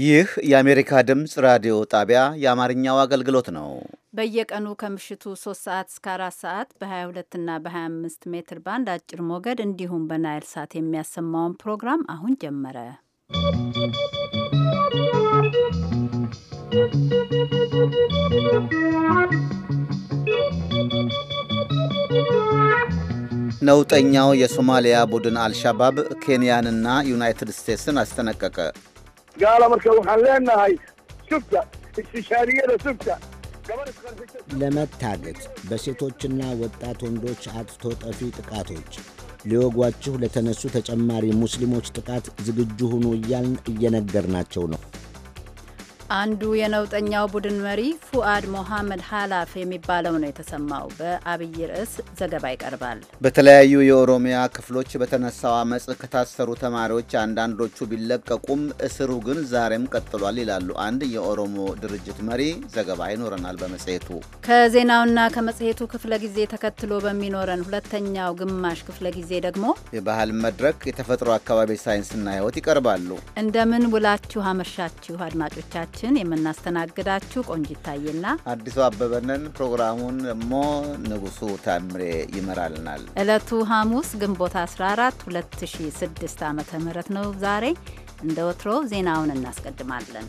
ይህ የአሜሪካ ድምፅ ራዲዮ ጣቢያ የአማርኛው አገልግሎት ነው። በየቀኑ ከምሽቱ 3 ሰዓት እስከ 4 ሰዓት በ22 እና በ25 ሜትር ባንድ አጭር ሞገድ እንዲሁም በናይል ሳት የሚያሰማውን ፕሮግራም አሁን ጀመረ። ነውጠኛው የሶማሊያ ቡድን አልሻባብ ኬንያንና ዩናይትድ ስቴትስን አስጠነቀቀ። gaala marka waxaan leenahay sufka istishaaliyada sufka ለመታገት በሴቶችና ወጣት ወንዶች አጥፍቶ ጠፊ ጥቃቶች ሊወጓችሁ ለተነሱ ተጨማሪ ሙስሊሞች ጥቃት ዝግጁ ሁኑ እያልን እየነገርናቸው ነው። አንዱ የነውጠኛው ቡድን መሪ ፉአድ ሞሐመድ ሀላፍ የሚባለው ነው የተሰማው። በአብይ ርዕስ ዘገባ ይቀርባል። በተለያዩ የኦሮሚያ ክፍሎች በተነሳው አመፅ ከታሰሩ ተማሪዎች አንዳንዶቹ ቢለቀቁም እስሩ ግን ዛሬም ቀጥሏል ይላሉ አንድ የኦሮሞ ድርጅት መሪ። ዘገባ ይኖረናል በመጽሔቱ። ከዜናውና ከመጽሔቱ ክፍለ ጊዜ ተከትሎ በሚኖረን ሁለተኛው ግማሽ ክፍለ ጊዜ ደግሞ የባህል መድረክ፣ የተፈጥሮ አካባቢ ሳይንስና ህይወት ይቀርባሉ። እንደምን ውላችሁ አመሻችሁ አድማጮቻችን። ዝግጅታችን የምናስተናግዳችሁ ቆንጅ ታዬና አዲሱ አበበንን። ፕሮግራሙን ደግሞ ንጉሱ ታምሬ ይመራልናል። ዕለቱ ሐሙስ ግንቦት 14 2006 ዓ ም ነው ዛሬ። እንደ ወትሮ ዜናውን እናስቀድማለን።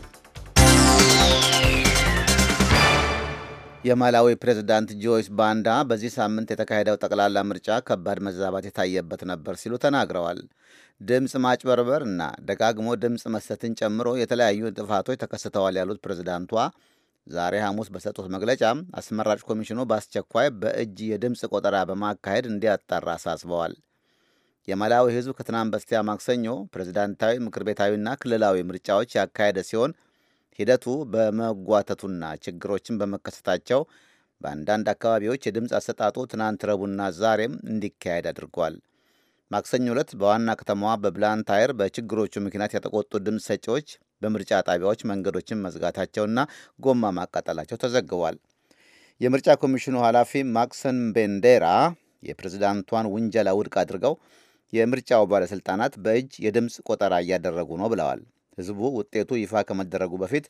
የማላዊ ፕሬዝዳንት ጆይስ ባንዳ በዚህ ሳምንት የተካሄደው ጠቅላላ ምርጫ ከባድ መዛባት የታየበት ነበር ሲሉ ተናግረዋል። ድምፅ ማጭበርበር እና ደጋግሞ ድምፅ መስጠትን ጨምሮ የተለያዩ ጥፋቶች ተከስተዋል ያሉት ፕሬዝዳንቷ ዛሬ ሐሙስ በሰጡት መግለጫ አስመራጭ ኮሚሽኑ በአስቸኳይ በእጅ የድምፅ ቆጠራ በማካሄድ እንዲያጣራ አሳስበዋል። የማላዊ ሕዝብ ከትናንት በስቲያ ማክሰኞ ፕሬዝዳንታዊ ምክር ቤታዊና ክልላዊ ምርጫዎች ያካሄደ ሲሆን ሂደቱ በመጓተቱና ችግሮችን በመከሰታቸው በአንዳንድ አካባቢዎች የድምፅ አሰጣጡ ትናንት ረቡና ዛሬም እንዲካሄድ አድርጓል። ማክሰኞ ዕለት በዋና ከተማዋ በብላንታየር በችግሮቹ ምክንያት የተቆጡ ድምፅ ሰጪዎች በምርጫ ጣቢያዎች መንገዶችን መዝጋታቸውና ጎማ ማቃጠላቸው ተዘግቧል። የምርጫ ኮሚሽኑ ኃላፊ ማክሰን ቤንዴራ የፕሬዝዳንቷን ውንጀላ ውድቅ አድርገው የምርጫው ባለሥልጣናት በእጅ የድምፅ ቆጠራ እያደረጉ ነው ብለዋል። ሕዝቡ ውጤቱ ይፋ ከመደረጉ በፊት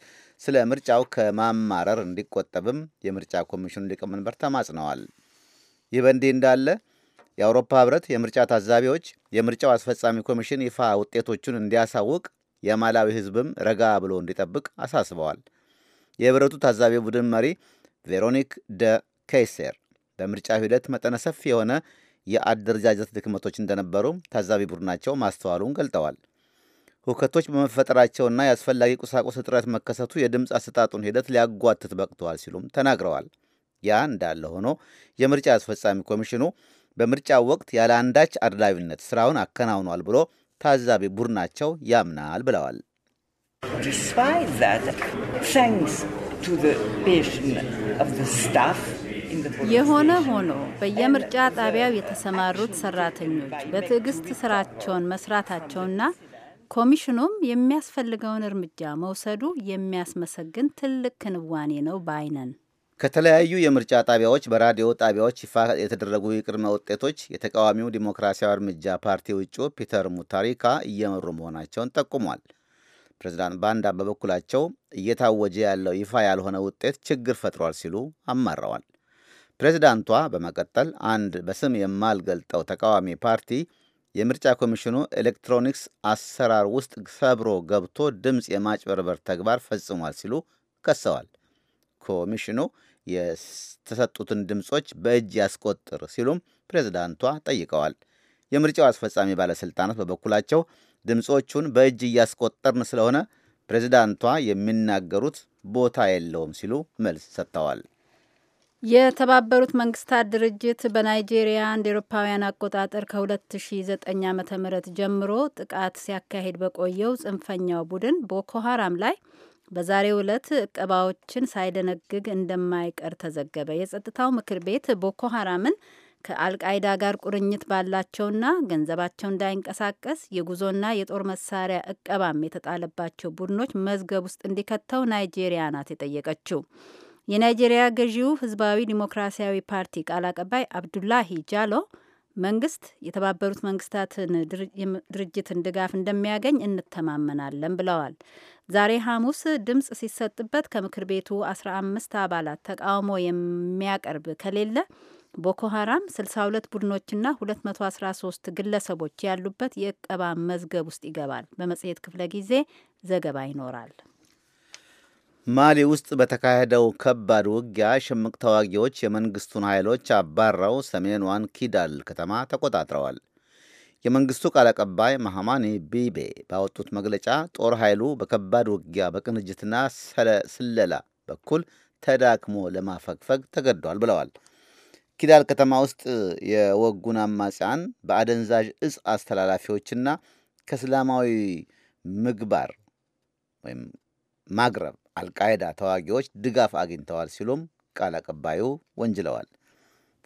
ስለ ምርጫው ከማማረር እንዲቆጠብም የምርጫ ኮሚሽኑ ሊቀመንበር ተማጽነዋል። ይህ በእንዲህ እንዳለ የአውሮፓ ህብረት የምርጫ ታዛቢዎች የምርጫው አስፈጻሚ ኮሚሽን ይፋ ውጤቶቹን እንዲያሳውቅ የማላዊ ህዝብም ረጋ ብሎ እንዲጠብቅ አሳስበዋል። የህብረቱ ታዛቢ ቡድን መሪ ቬሮኒክ ደ ኬይሴር በምርጫ ሂደት መጠነ ሰፊ የሆነ የአደረጃጀት ድክመቶች እንደነበሩ ታዛቢ ቡድናቸው ማስተዋሉን ገልጠዋል። ሁከቶች በመፈጠራቸውና የአስፈላጊ ቁሳቁስ እጥረት መከሰቱ የድምፅ አሰጣጡን ሂደት ሊያጓትት በቅተዋል ሲሉም ተናግረዋል። ያ እንዳለ ሆኖ የምርጫ አስፈጻሚ ኮሚሽኑ በምርጫው ወቅት ያለ አንዳች አድላዊነት ስራውን አከናውኗል ብሎ ታዛቢ ቡድናቸው ያምናል ብለዋል። የሆነ ሆኖ በየምርጫ ጣቢያው የተሰማሩት ሰራተኞች በትዕግስት ስራቸውን መስራታቸውና ኮሚሽኑም የሚያስፈልገውን እርምጃ መውሰዱ የሚያስመሰግን ትልቅ ክንዋኔ ነው ባይነን ከተለያዩ የምርጫ ጣቢያዎች በራዲዮ ጣቢያዎች ይፋ የተደረጉ የቅድመ ውጤቶች የተቃዋሚው ዲሞክራሲያዊ እርምጃ ፓርቲ ውጩ ፒተር ሙታሪካ እየመሩ መሆናቸውን ጠቁሟል። ፕሬዚዳንት ባንዳ በበኩላቸው እየታወጀ ያለው ይፋ ያልሆነ ውጤት ችግር ፈጥሯል ሲሉ አማረዋል። ፕሬዚዳንቷ በመቀጠል አንድ በስም የማልገልጠው ተቃዋሚ ፓርቲ የምርጫ ኮሚሽኑ ኤሌክትሮኒክስ አሰራር ውስጥ ሰብሮ ገብቶ ድምፅ የማጭበርበር ተግባር ፈጽሟል ሲሉ ከሰዋል። ኮሚሽኑ የተሰጡትን ድምጾች በእጅ ያስቆጥር ሲሉም ፕሬዝዳንቷ ጠይቀዋል። የምርጫው አስፈጻሚ ባለስልጣናት በበኩላቸው ድምጾቹን በእጅ እያስቆጠርን ስለሆነ ፕሬዝዳንቷ የሚናገሩት ቦታ የለውም ሲሉ መልስ ሰጥተዋል። የተባበሩት መንግስታት ድርጅት በናይጄሪያ እንደ ኤሮፓውያን አቆጣጠር ከ2009 ዓ ም ጀምሮ ጥቃት ሲያካሂድ በቆየው ጽንፈኛው ቡድን ቦኮ ሀራም ላይ በዛሬው ዕለት እቀባዎችን ሳይደነግግ እንደማይቀር ተዘገበ። የጸጥታው ምክር ቤት ቦኮ ሀራምን ከአልቃይዳ ጋር ቁርኝት ባላቸውና ገንዘባቸው እንዳይንቀሳቀስ የጉዞና የጦር መሳሪያ እቀባም የተጣለባቸው ቡድኖች መዝገብ ውስጥ እንዲከተው ናይጄሪያ ናት የጠየቀችው። የናይጄሪያ ገዢው ህዝባዊ ዲሞክራሲያዊ ፓርቲ ቃል አቀባይ አብዱላሂ ጃሎ መንግስት የተባበሩት መንግስታትን ድርጅትን ድጋፍ እንደሚያገኝ እንተማመናለን ብለዋል። ዛሬ ሐሙስ ድምፅ ሲሰጥበት ከምክር ቤቱ 15 አባላት ተቃውሞ የሚያቀርብ ከሌለ ቦኮ ሀራም 62 ቡድኖችና 213 ግለሰቦች ያሉበት የእቀባ መዝገብ ውስጥ ይገባል። በመጽሔት ክፍለ ጊዜ ዘገባ ይኖራል። ማሊ ውስጥ በተካሄደው ከባድ ውጊያ ሽምቅ ተዋጊዎች የመንግስቱን ኃይሎች አባረው ሰሜኗን ኪዳል ከተማ ተቆጣጥረዋል። የመንግስቱ ቃል አቀባይ ማሐማኒ ቢቤ ባወጡት መግለጫ ጦር ኃይሉ በከባድ ውጊያ በቅንጅትና ስለላ በኩል ተዳክሞ ለማፈግፈግ ተገዷል ብለዋል። ኪዳል ከተማ ውስጥ የወጉን አማጽያን በአደንዛዥ እጽ አስተላላፊዎችና ከእስላማዊ ምግባር ወይም ማግረብ አልቃይዳ ተዋጊዎች ድጋፍ አግኝተዋል ሲሉም ቃል አቀባዩ ወንጅለዋል።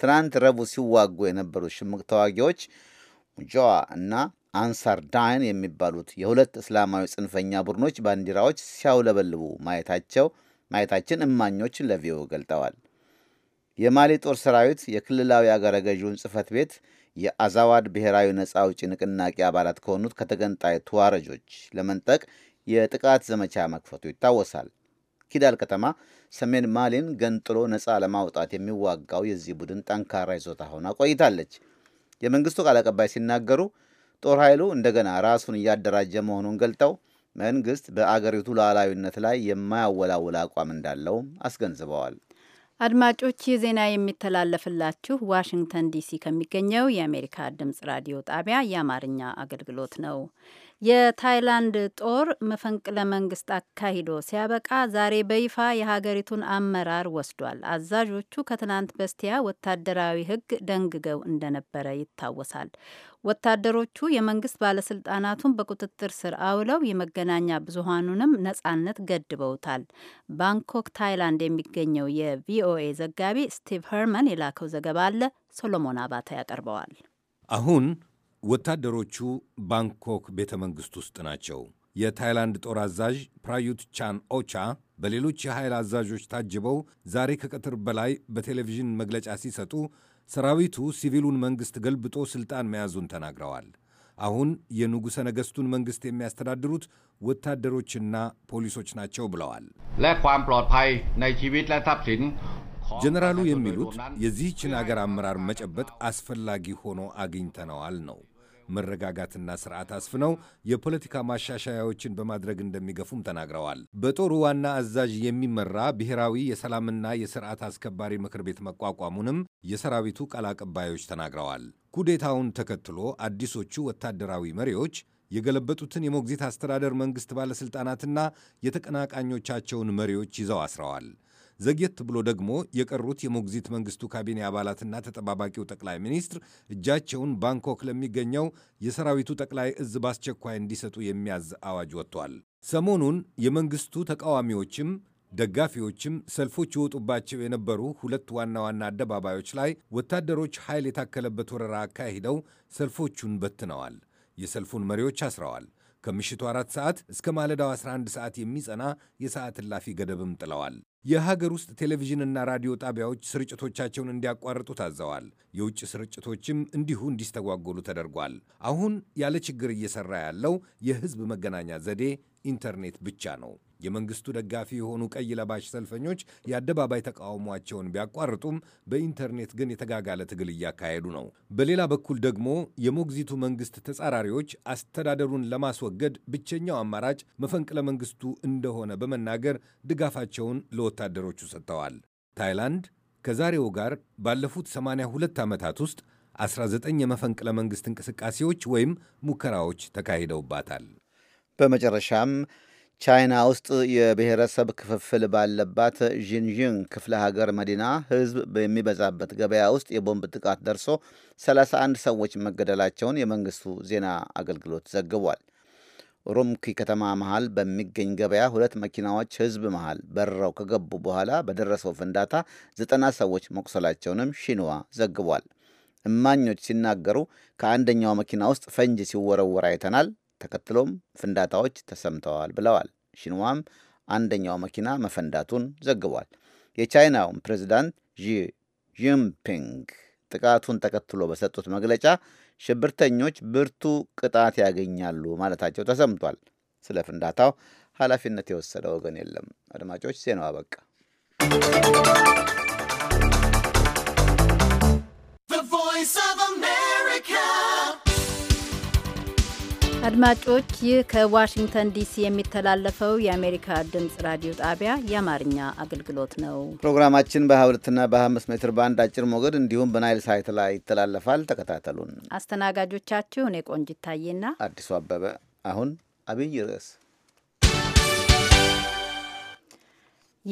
ትናንት ረቡዕ ሲዋጉ የነበሩት ሽምቅ ተዋጊዎች ሙጃዋ እና አንሳር ዳይን የሚባሉት የሁለት እስላማዊ ጽንፈኛ ቡድኖች ባንዲራዎች ሲያውለበልቡ ማየታቸው ማየታችን እማኞችን ለቪዮ ገልጠዋል። የማሊ ጦር ሰራዊት የክልላዊ አገረ ገዢውን ጽህፈት ቤት የአዛዋድ ብሔራዊ ነጻ አውጪ ንቅናቄ አባላት ከሆኑት ከተገንጣይ ተዋረጆች ለመንጠቅ የጥቃት ዘመቻ መክፈቱ ይታወሳል። ኪዳል ከተማ ሰሜን ማሊን ገንጥሎ ነፃ ለማውጣት የሚዋጋው የዚህ ቡድን ጠንካራ ይዞታ ሆና ቆይታለች። የመንግስቱ ቃል አቀባይ ሲናገሩ ጦር ኃይሉ እንደገና ራሱን እያደራጀ መሆኑን ገልጠው መንግስት በአገሪቱ ሉዓላዊነት ላይ የማያወላውል አቋም እንዳለውም አስገንዝበዋል። አድማጮች ይህ ዜና የሚተላለፍላችሁ ዋሽንግተን ዲሲ ከሚገኘው የአሜሪካ ድምጽ ራዲዮ ጣቢያ የአማርኛ አገልግሎት ነው። የታይላንድ ጦር መፈንቅለ መንግስት አካሂዶ ሲያበቃ ዛሬ በይፋ የሀገሪቱን አመራር ወስዷል። አዛዦቹ ከትናንት በስቲያ ወታደራዊ ሕግ ደንግገው እንደነበረ ይታወሳል። ወታደሮቹ የመንግስት ባለስልጣናቱን በቁጥጥር ስር አውለው የመገናኛ ብዙሀኑንም ነጻነት ገድበውታል። ባንኮክ ታይላንድ የሚገኘው የቪኦኤ ዘጋቢ ስቲቭ ሄርመን የላከው ዘገባ አለ። ሶሎሞን አባተ ያቀርበዋል። አሁን ወታደሮቹ ባንኮክ ቤተ መንግሥት ውስጥ ናቸው። የታይላንድ ጦር አዛዥ ፕራዩት ቻን ኦቻ በሌሎች የኃይል አዛዦች ታጅበው ዛሬ ከቀትር በላይ በቴሌቪዥን መግለጫ ሲሰጡ ሰራዊቱ ሲቪሉን መንግሥት ገልብጦ ሥልጣን መያዙን ተናግረዋል። አሁን የንጉሠ ነገሥቱን መንግሥት የሚያስተዳድሩት ወታደሮችና ፖሊሶች ናቸው ብለዋል። ጀነራሉ የሚሉት የዚህችን አገር አመራር መጨበጥ አስፈላጊ ሆኖ አግኝተነዋል ነው። መረጋጋትና ስርዓት አስፍነው የፖለቲካ ማሻሻያዎችን በማድረግ እንደሚገፉም ተናግረዋል። በጦሩ ዋና አዛዥ የሚመራ ብሔራዊ የሰላምና የስርዓት አስከባሪ ምክር ቤት መቋቋሙንም የሰራዊቱ ቃል አቀባዮች ተናግረዋል። ኩዴታውን ተከትሎ አዲሶቹ ወታደራዊ መሪዎች የገለበጡትን የሞግዚት አስተዳደር መንግሥት ባለሥልጣናትና የተቀናቃኞቻቸውን መሪዎች ይዘው አስረዋል። ዘግየት ብሎ ደግሞ የቀሩት የሞግዚት መንግስቱ ካቢኔ አባላትና ተጠባባቂው ጠቅላይ ሚኒስትር እጃቸውን ባንኮክ ለሚገኘው የሰራዊቱ ጠቅላይ እዝ በአስቸኳይ እንዲሰጡ የሚያዝ አዋጅ ወጥቷል። ሰሞኑን የመንግስቱ ተቃዋሚዎችም ደጋፊዎችም ሰልፎች ይወጡባቸው የነበሩ ሁለት ዋና ዋና አደባባዮች ላይ ወታደሮች ኃይል የታከለበት ወረራ አካሂደው ሰልፎቹን በትነዋል። የሰልፉን መሪዎች አስረዋል። ከምሽቱ አራት ሰዓት እስከ ማለዳው 11 ሰዓት የሚጸና የሰዓት እላፊ ገደብም ጥለዋል። የሀገር ውስጥ ቴሌቪዥንና ራዲዮ ጣቢያዎች ስርጭቶቻቸውን እንዲያቋርጡ ታዘዋል። የውጭ ስርጭቶችም እንዲሁ እንዲስተጓጎሉ ተደርጓል። አሁን ያለ ችግር እየሰራ ያለው የህዝብ መገናኛ ዘዴ ኢንተርኔት ብቻ ነው። የመንግስቱ ደጋፊ የሆኑ ቀይ ለባሽ ሰልፈኞች የአደባባይ ተቃውሟቸውን ቢያቋርጡም በኢንተርኔት ግን የተጋጋለ ትግል እያካሄዱ ነው። በሌላ በኩል ደግሞ የሞግዚቱ መንግስት ተጻራሪዎች አስተዳደሩን ለማስወገድ ብቸኛው አማራጭ መፈንቅለ መንግስቱ እንደሆነ በመናገር ድጋፋቸውን ለ ለወታደሮቹ ሰጥተዋል። ታይላንድ ከዛሬው ጋር ባለፉት 82 ዓመታት ውስጥ 19 የመፈንቅለ መንግሥት እንቅስቃሴዎች ወይም ሙከራዎች ተካሂደውባታል። በመጨረሻም ቻይና ውስጥ የብሔረሰብ ክፍፍል ባለባት ዢንጂንግ ክፍለ ሀገር መዲና ሕዝብ በሚበዛበት ገበያ ውስጥ የቦምብ ጥቃት ደርሶ 31 ሰዎች መገደላቸውን የመንግሥቱ ዜና አገልግሎት ዘግቧል። ሮምኪ ከተማ መሃል በሚገኝ ገበያ ሁለት መኪናዎች ህዝብ መሃል በረው ከገቡ በኋላ በደረሰው ፍንዳታ ዘጠና ሰዎች መቁሰላቸውንም ሺንዋ ዘግቧል። እማኞች ሲናገሩ ከአንደኛው መኪና ውስጥ ፈንጅ ሲወረወር አይተናል፣ ተከትሎም ፍንዳታዎች ተሰምተዋል ብለዋል። ሺንዋም አንደኛው መኪና መፈንዳቱን ዘግቧል። የቻይናውን ፕሬዚዳንት ዢ ጂንፒንግ ጥቃቱን ተከትሎ በሰጡት መግለጫ ሽብርተኞች ብርቱ ቅጣት ያገኛሉ ማለታቸው ተሰምቷል። ስለ ፍንዳታው ኃላፊነት የወሰደ ወገን የለም። አድማጮች ዜናው አበቃ። አድማጮች ይህ ከዋሽንግተን ዲሲ የሚተላለፈው የአሜሪካ ድምፅ ራዲዮ ጣቢያ የአማርኛ አገልግሎት ነው። ፕሮግራማችን በ22ና በ25 ሜትር ባንድ አጭር ሞገድ እንዲሁም በናይል ሳይት ላይ ይተላለፋል። ተከታተሉን። አስተናጋጆቻችሁ እኔ ቆንጅ ይታዬና አዲሱ አበበ። አሁን አብይ ርዕስ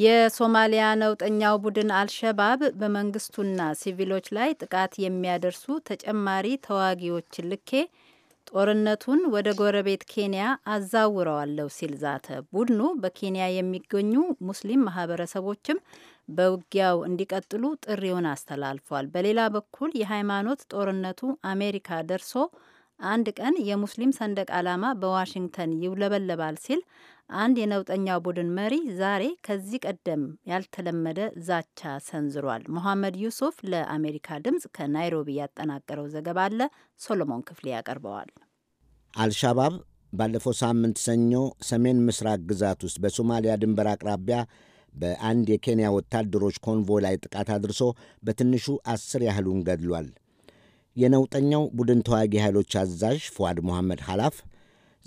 የሶማሊያ ነውጠኛው ቡድን አልሸባብ በመንግስቱና ሲቪሎች ላይ ጥቃት የሚያደርሱ ተጨማሪ ተዋጊዎችን ልኬ ጦርነቱን ወደ ጎረቤት ኬንያ አዛውረዋለሁ ሲል ዛተ። ቡድኑ በኬንያ የሚገኙ ሙስሊም ማህበረሰቦችም በውጊያው እንዲቀጥሉ ጥሪውን አስተላልፏል። በሌላ በኩል የሃይማኖት ጦርነቱ አሜሪካ ደርሶ አንድ ቀን የሙስሊም ሰንደቅ ዓላማ በዋሽንግተን ይውለበለባል ሲል አንድ የነውጠኛ ቡድን መሪ ዛሬ ከዚህ ቀደም ያልተለመደ ዛቻ ሰንዝሯል። መሐመድ ዩሱፍ ለአሜሪካ ድምፅ ከናይሮቢ ያጠናቀረው ዘገባ አለ። ሶሎሞን ክፍሌ ያቀርበዋል። አልሻባብ ባለፈው ሳምንት ሰኞ ሰሜን ምስራቅ ግዛት ውስጥ በሶማሊያ ድንበር አቅራቢያ በአንድ የኬንያ ወታደሮች ኮንቮይ ላይ ጥቃት አድርሶ በትንሹ አስር ያህሉን ገድሏል። የነውጠኛው ቡድን ተዋጊ ኃይሎች አዛዥ ፉአድ መሐመድ ሐላፍ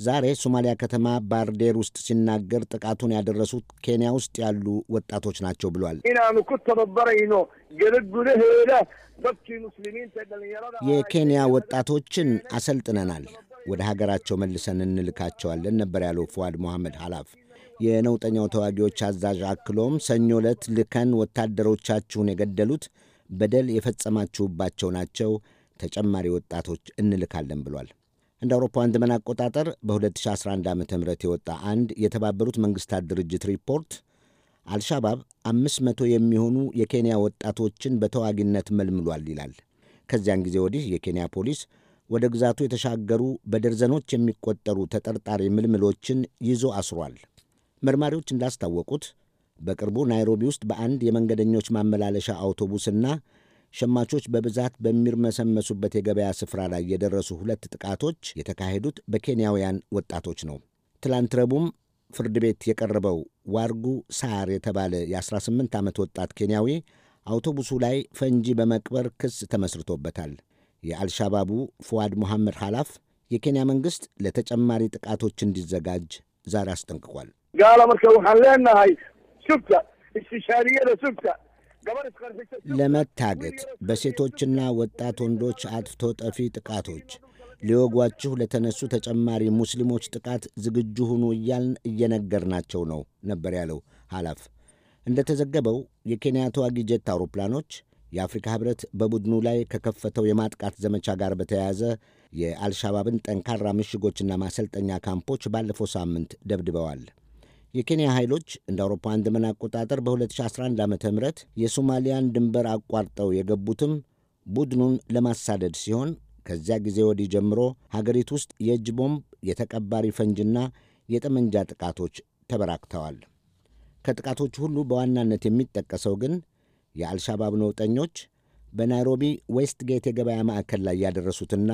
ዛሬ ሶማሊያ ከተማ ባርዴር ውስጥ ሲናገር ጥቃቱን ያደረሱት ኬንያ ውስጥ ያሉ ወጣቶች ናቸው ብሏል። የኬንያ ወጣቶችን አሰልጥነናል፣ ወደ ሀገራቸው መልሰን እንልካቸዋለን ነበር ያለው ፉአድ ሞሐመድ ሐላፍ። የነውጠኛው ተዋጊዎች አዛዥ አክሎም ሰኞ ዕለት ልከን ወታደሮቻችሁን የገደሉት በደል የፈጸማችሁባቸው ናቸው፣ ተጨማሪ ወጣቶች እንልካለን ብሏል። እንደ አውሮፓውያን ዘመን አቆጣጠር በ2011 ዓ ም የወጣ አንድ የተባበሩት መንግስታት ድርጅት ሪፖርት አልሻባብ 500 የሚሆኑ የኬንያ ወጣቶችን በተዋጊነት መልምሏል ይላል። ከዚያን ጊዜ ወዲህ የኬንያ ፖሊስ ወደ ግዛቱ የተሻገሩ በደርዘኖች የሚቆጠሩ ተጠርጣሪ ምልምሎችን ይዞ አስሯል። መርማሪዎች እንዳስታወቁት በቅርቡ ናይሮቢ ውስጥ በአንድ የመንገደኞች ማመላለሻ አውቶቡስና ሸማቾች በብዛት በሚርመሰመሱበት የገበያ ስፍራ ላይ የደረሱ ሁለት ጥቃቶች የተካሄዱት በኬንያውያን ወጣቶች ነው። ትላንት ረቡም ፍርድ ቤት የቀረበው ዋርጉ ሳር የተባለ የ18 ዓመት ወጣት ኬንያዊ አውቶቡሱ ላይ ፈንጂ በመቅበር ክስ ተመስርቶበታል። የአልሻባቡ ፉዋድ ሙሐመድ ሐላፍ የኬንያ መንግሥት ለተጨማሪ ጥቃቶች እንዲዘጋጅ ዛሬ አስጠንቅቋል። ጋላ ለሱብታ ለመታገት በሴቶችና ወጣት ወንዶች አጥፍቶ ጠፊ ጥቃቶች ሊወጓችሁ ለተነሱ ተጨማሪ ሙስሊሞች ጥቃት ዝግጁ ሁኑ እያልን እየነገርናቸው ነው ነበር ያለው ኃላፍ። እንደተዘገበው የኬንያ ተዋጊ ጀት አውሮፕላኖች የአፍሪካ ኅብረት በቡድኑ ላይ ከከፈተው የማጥቃት ዘመቻ ጋር በተያያዘ የአልሻባብን ጠንካራ ምሽጎችና ማሰልጠኛ ካምፖች ባለፈው ሳምንት ደብድበዋል። የኬንያ ኃይሎች እንደ አውሮፓውያን ዘመን አቆጣጠር በ2011 ዓ ም የሶማሊያን ድንበር አቋርጠው የገቡትም ቡድኑን ለማሳደድ ሲሆን ከዚያ ጊዜ ወዲህ ጀምሮ ሀገሪቱ ውስጥ የእጅ ቦምብ፣ የተቀባሪ ፈንጅና የጠመንጃ ጥቃቶች ተበራክተዋል። ከጥቃቶቹ ሁሉ በዋናነት የሚጠቀሰው ግን የአልሻባብ ነውጠኞች በናይሮቢ ጌት የገበያ ማዕከል ላይ ያደረሱትና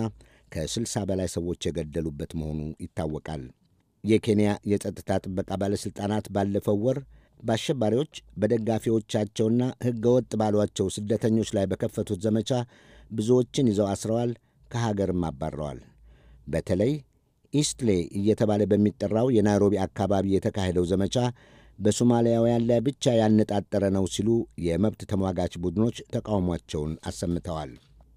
ከ60 በላይ ሰዎች የገደሉበት መሆኑ ይታወቃል። የኬንያ የጸጥታ ጥበቃ ባለሥልጣናት ባለፈው ወር በአሸባሪዎች በደጋፊዎቻቸውና ሕገ ወጥ ባሏቸው ስደተኞች ላይ በከፈቱት ዘመቻ ብዙዎችን ይዘው አስረዋል፣ ከሀገርም አባረዋል። በተለይ ኢስትሌ እየተባለ በሚጠራው የናይሮቢ አካባቢ የተካሄደው ዘመቻ በሶማሊያውያን ላይ ብቻ ያነጣጠረ ነው ሲሉ የመብት ተሟጋች ቡድኖች ተቃውሟቸውን አሰምተዋል።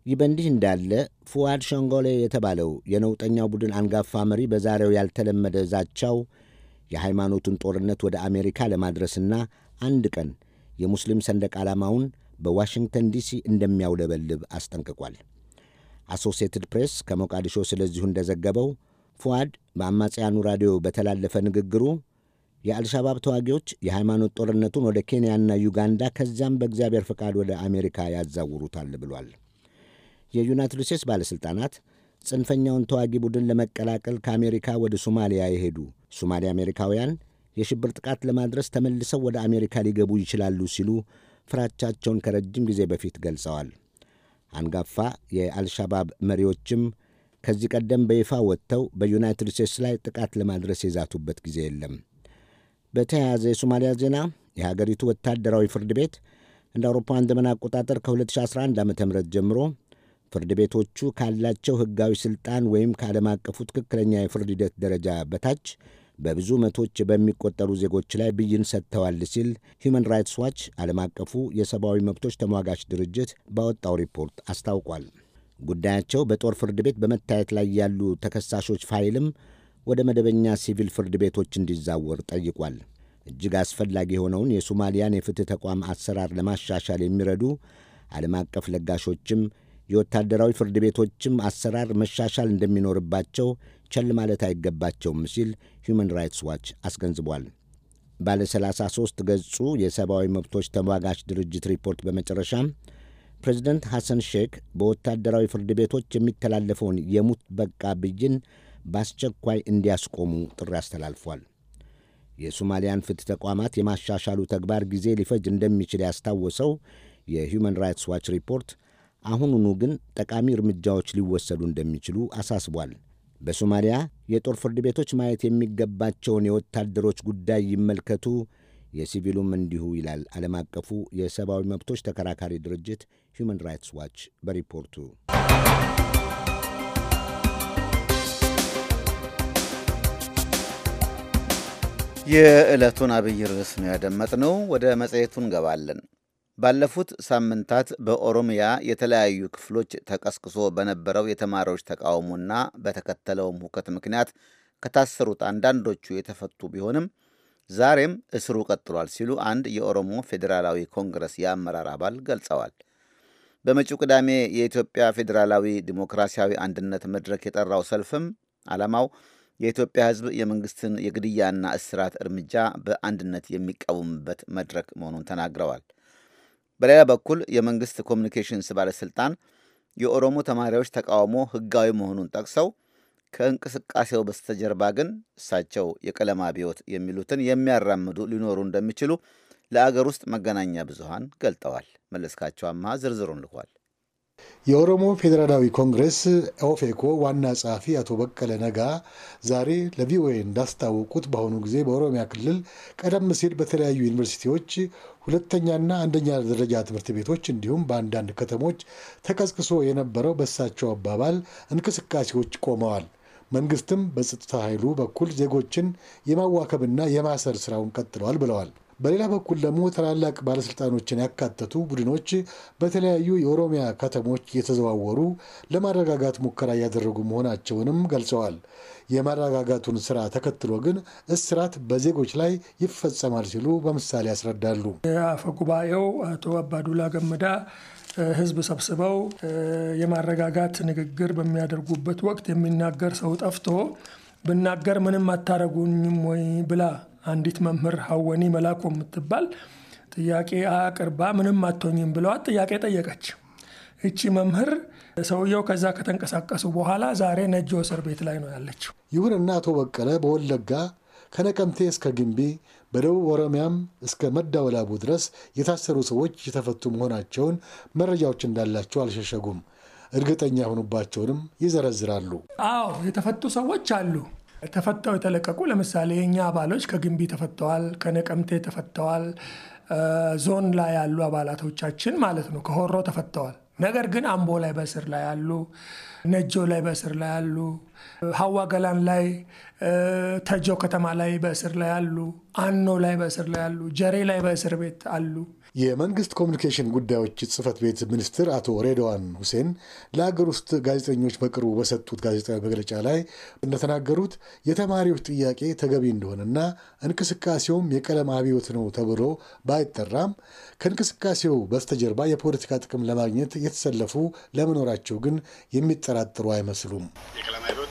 ይህ በእንዲህ እንዳለ ፉዋድ ሸንጎሌ የተባለው የነውጠኛው ቡድን አንጋፋ መሪ በዛሬው ያልተለመደ ዛቻው የሃይማኖቱን ጦርነት ወደ አሜሪካ ለማድረስና አንድ ቀን የሙስሊም ሰንደቅ ዓላማውን በዋሽንግተን ዲሲ እንደሚያውለበልብ አስጠንቅቋል። አሶሲየትድ ፕሬስ ከሞቃዲሾ ስለዚሁ እንደዘገበው ፉዋድ በአማጽያኑ ራዲዮ በተላለፈ ንግግሩ የአልሻባብ ተዋጊዎች የሃይማኖት ጦርነቱን ወደ ኬንያና ዩጋንዳ ከዚያም በእግዚአብሔር ፈቃድ ወደ አሜሪካ ያዛውሩታል ብሏል። የዩናይትድ ስቴትስ ባለሥልጣናት ጽንፈኛውን ተዋጊ ቡድን ለመቀላቀል ከአሜሪካ ወደ ሶማሊያ የሄዱ ሶማሊያ አሜሪካውያን የሽብር ጥቃት ለማድረስ ተመልሰው ወደ አሜሪካ ሊገቡ ይችላሉ ሲሉ ፍራቻቸውን ከረጅም ጊዜ በፊት ገልጸዋል። አንጋፋ የአልሻባብ መሪዎችም ከዚህ ቀደም በይፋ ወጥተው በዩናይትድ ስቴትስ ላይ ጥቃት ለማድረስ የዛቱበት ጊዜ የለም። በተያያዘ የሶማሊያ ዜና የሀገሪቱ ወታደራዊ ፍርድ ቤት እንደ አውሮፓውያን ዘመን አቆጣጠር ከ2011 ዓ ም ጀምሮ ፍርድ ቤቶቹ ካላቸው ሕጋዊ ሥልጣን ወይም ከዓለም አቀፉ ትክክለኛ የፍርድ ሂደት ደረጃ በታች በብዙ መቶች በሚቆጠሩ ዜጎች ላይ ብይን ሰጥተዋል ሲል ሁማን ራይትስ ዋች ዓለም አቀፉ የሰብአዊ መብቶች ተሟጋች ድርጅት ባወጣው ሪፖርት አስታውቋል። ጉዳያቸው በጦር ፍርድ ቤት በመታየት ላይ ያሉ ተከሳሾች ፋይልም ወደ መደበኛ ሲቪል ፍርድ ቤቶች እንዲዛወር ጠይቋል። እጅግ አስፈላጊ የሆነውን የሶማሊያን የፍትሕ ተቋም አሰራር ለማሻሻል የሚረዱ ዓለም አቀፍ ለጋሾችም የወታደራዊ ፍርድ ቤቶችም አሰራር መሻሻል እንደሚኖርባቸው ቸል ማለት አይገባቸውም ሲል ሁማን ራይትስ ዋች አስገንዝቧል። ባለ 33 ገጹ የሰብአዊ መብቶች ተሟጋች ድርጅት ሪፖርት በመጨረሻም ፕሬዚደንት ሐሰን ሼክ በወታደራዊ ፍርድ ቤቶች የሚተላለፈውን የሙት በቃ ብይን በአስቸኳይ እንዲያስቆሙ ጥሪ አስተላልፏል። የሶማሊያን ፍትህ ተቋማት የማሻሻሉ ተግባር ጊዜ ሊፈጅ እንደሚችል ያስታወሰው የሁማን ራይትስ ዋች ሪፖርት አሁኑኑ ግን ጠቃሚ እርምጃዎች ሊወሰዱ እንደሚችሉ አሳስቧል። በሶማሊያ የጦር ፍርድ ቤቶች ማየት የሚገባቸውን የወታደሮች ጉዳይ ይመልከቱ፣ የሲቪሉም እንዲሁ ይላል ዓለም አቀፉ የሰብአዊ መብቶች ተከራካሪ ድርጅት ሁማን ራይትስ ዋች በሪፖርቱ። የዕለቱን አብይ ርዕስ ነው ያደመጥነው። ወደ መጽሔቱ እንገባለን። ባለፉት ሳምንታት በኦሮሚያ የተለያዩ ክፍሎች ተቀስቅሶ በነበረው የተማሪዎች ተቃውሞና በተከተለውም ሁከት ምክንያት ከታሰሩት አንዳንዶቹ የተፈቱ ቢሆንም ዛሬም እስሩ ቀጥሏል ሲሉ አንድ የኦሮሞ ፌዴራላዊ ኮንግረስ የአመራር አባል ገልጸዋል። በመጪው ቅዳሜ የኢትዮጵያ ፌዴራላዊ ዲሞክራሲያዊ አንድነት መድረክ የጠራው ሰልፍም ዓላማው የኢትዮጵያ ሕዝብ የመንግስትን የግድያና እስራት እርምጃ በአንድነት የሚቃወምበት መድረክ መሆኑን ተናግረዋል። በሌላ በኩል የመንግስት ኮሚኒኬሽንስ ባለስልጣን የኦሮሞ ተማሪዎች ተቃውሞ ህጋዊ መሆኑን ጠቅሰው ከእንቅስቃሴው በስተጀርባ ግን እሳቸው የቀለም አብዮት የሚሉትን የሚያራምዱ ሊኖሩ እንደሚችሉ ለአገር ውስጥ መገናኛ ብዙሃን ገልጠዋል። መለስካቸው አማሃ ዝርዝሩን ልኳል። የኦሮሞ ፌዴራላዊ ኮንግሬስ ኦፌኮ ዋና ጸሐፊ አቶ በቀለ ነጋ ዛሬ ለቪኦኤ እንዳስታወቁት በአሁኑ ጊዜ በኦሮሚያ ክልል ቀደም ሲል በተለያዩ ዩኒቨርሲቲዎች ሁለተኛና አንደኛ ደረጃ ትምህርት ቤቶች እንዲሁም በአንዳንድ ከተሞች ተቀስቅሶ የነበረው በሳቸው አባባል እንቅስቃሴዎች ቆመዋል። መንግስትም በጸጥታ ኃይሉ በኩል ዜጎችን የማዋከብና የማሰር ስራውን ቀጥለዋል ብለዋል። በሌላ በኩል ደግሞ ታላላቅ ባለስልጣኖችን ያካተቱ ቡድኖች በተለያዩ የኦሮሚያ ከተሞች እየተዘዋወሩ ለማረጋጋት ሙከራ እያደረጉ መሆናቸውንም ገልጸዋል። የማረጋጋቱን ስራ ተከትሎ ግን እስራት በዜጎች ላይ ይፈጸማል ሲሉ በምሳሌ ያስረዳሉ። አፈ ጉባኤው አቶ አባዱላ ገመዳ ህዝብ ሰብስበው የማረጋጋት ንግግር በሚያደርጉበት ወቅት የሚናገር ሰው ጠፍቶ ብናገር ምንም አታረጉኝም ወይ ብላ አንዲት መምህር ሀወኒ መላኩ የምትባል ጥያቄ አቅርባ ምንም አቶኝም ብለዋት ጥያቄ ጠየቀች። እቺ መምህር ሰውየው ከዛ ከተንቀሳቀሱ በኋላ ዛሬ ነጆ እስር ቤት ላይ ነው ያለችው። ይሁንና አቶ በቀለ በወለጋ ከነቀምቴ እስከ ግንቢ በደቡብ ኦሮሚያም እስከ መዳወላቡ ድረስ የታሰሩ ሰዎች የተፈቱ መሆናቸውን መረጃዎች እንዳላቸው አልሸሸጉም። እርግጠኛ የሆኑባቸውንም ይዘረዝራሉ። አዎ የተፈቱ ሰዎች አሉ። ተፈተው የተለቀቁ ለምሳሌ የእኛ አባሎች ከግንቢ ተፈተዋል፣ ከነቀምቴ ተፈተዋል። ዞን ላይ ያሉ አባላቶቻችን ማለት ነው ከሆሮ ተፈተዋል። ነገር ግን አምቦ ላይ በእስር ላይ ያሉ፣ ነጆ ላይ በእስር ላይ ያሉ፣ ሀዋ ገላን ላይ ተጆ ከተማ ላይ በእስር ላይ ያሉ፣ አኖ ላይ በእስር ላይ ያሉ፣ ጀሬ ላይ በእስር ቤት አሉ። የመንግስት ኮሚኒኬሽን ጉዳዮች ጽህፈት ቤት ሚኒስትር አቶ ሬድዋን ሁሴን ለሀገር ውስጥ ጋዜጠኞች በቅርቡ በሰጡት ጋዜጣዊ መግለጫ ላይ እንደተናገሩት የተማሪዎች ጥያቄ ተገቢ እንደሆነና እንቅስቃሴውም የቀለም አብዮት ነው ተብሎ ባይጠራም ከእንቅስቃሴው በስተጀርባ የፖለቲካ ጥቅም ለማግኘት የተሰለፉ ለመኖራቸው ግን የሚጠራጥሩ አይመስሉም። የቀለም አብዮት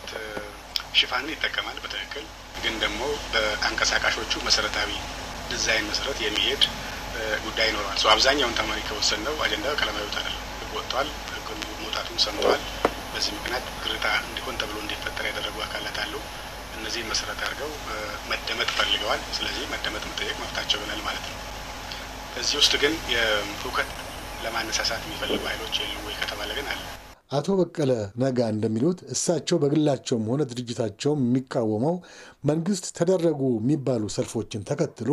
ሽፋንን ይጠቀማል። በትክክል ግን ደግሞ በአንቀሳቃሾቹ መሰረታዊ ዲዛይን መሰረት የሚሄድ ጉዳይ ይኖረዋል። አብዛኛውን ተማሪ ከወሰን ነው አጀንዳ ከለማዊት አይደለም ወጥቷል። መውጣቱን ሰምተዋል። በዚህ ምክንያት ግርታ እንዲሆን ተብሎ እንዲፈጠር ያደረጉ አካላት አሉ። እነዚህን መሰረት አድርገው መደመጥ ፈልገዋል። ስለዚህ መደመጥ፣ መጠየቅ መብታቸው ብናል ማለት ነው። እዚህ ውስጥ ግን የእውቀት ለማነሳሳት የሚፈልጉ ኃይሎች የሉ ወይ ከተባለ ግን አለ አቶ በቀለ ነጋ እንደሚሉት እሳቸው በግላቸውም ሆነ ድርጅታቸውም የሚቃወመው መንግስት ተደረጉ የሚባሉ ሰልፎችን ተከትሎ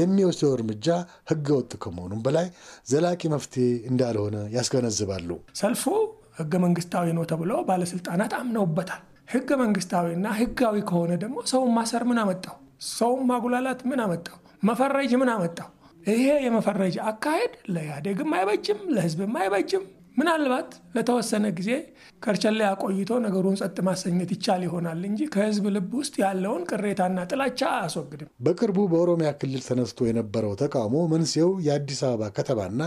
የሚወስደው እርምጃ ህገወጥ ከመሆኑም በላይ ዘላቂ መፍትሄ እንዳልሆነ ያስገነዝባሉ። ሰልፉ ህገ መንግስታዊ ነው ተብሎ ባለስልጣናት አምነውበታል። ህገ መንግስታዊና ህጋዊ ከሆነ ደግሞ ሰውን ማሰር ምን አመጣው? ሰውን ማጉላላት ምን አመጣው? መፈረጅ ምን አመጣው? ይሄ የመፈረጅ አካሄድ ለኢህአዴግም አይበጅም፣ ለህዝብም አይበጅም። ምናልባት ለተወሰነ ጊዜ ከርቸሌ አቆይቶ ነገሩን ጸጥ ማሰኘት ይቻል ይሆናል እንጂ ከህዝብ ልብ ውስጥ ያለውን ቅሬታና ጥላቻ አያስወግድም። በቅርቡ በኦሮሚያ ክልል ተነስቶ የነበረው ተቃውሞ መንስኤው የአዲስ አበባ ከተማና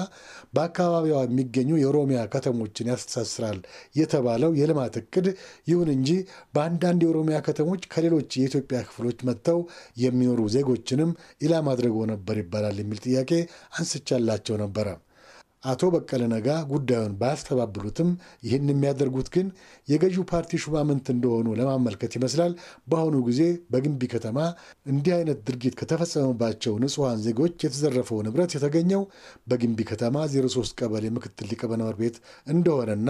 በአካባቢዋ የሚገኙ የኦሮሚያ ከተሞችን ያስተሳስራል የተባለው የልማት እቅድ፣ ይሁን እንጂ በአንዳንድ የኦሮሚያ ከተሞች ከሌሎች የኢትዮጵያ ክፍሎች መጥተው የሚኖሩ ዜጎችንም ኢላማ አድርጎ ነበር ይባላል የሚል ጥያቄ አንስቻላቸው ነበረ። አቶ በቀለ ነጋ ጉዳዩን ባያስተባብሉትም ይህን የሚያደርጉት ግን የገዢው ፓርቲ ሹማምንት እንደሆኑ ለማመልከት ይመስላል። በአሁኑ ጊዜ በግንቢ ከተማ እንዲህ አይነት ድርጊት ከተፈጸመባቸው ንጹሐን ዜጎች የተዘረፈው ንብረት የተገኘው በግንቢ ከተማ 03 ቀበሌ ምክትል ሊቀመንበር ቤት እንደሆነና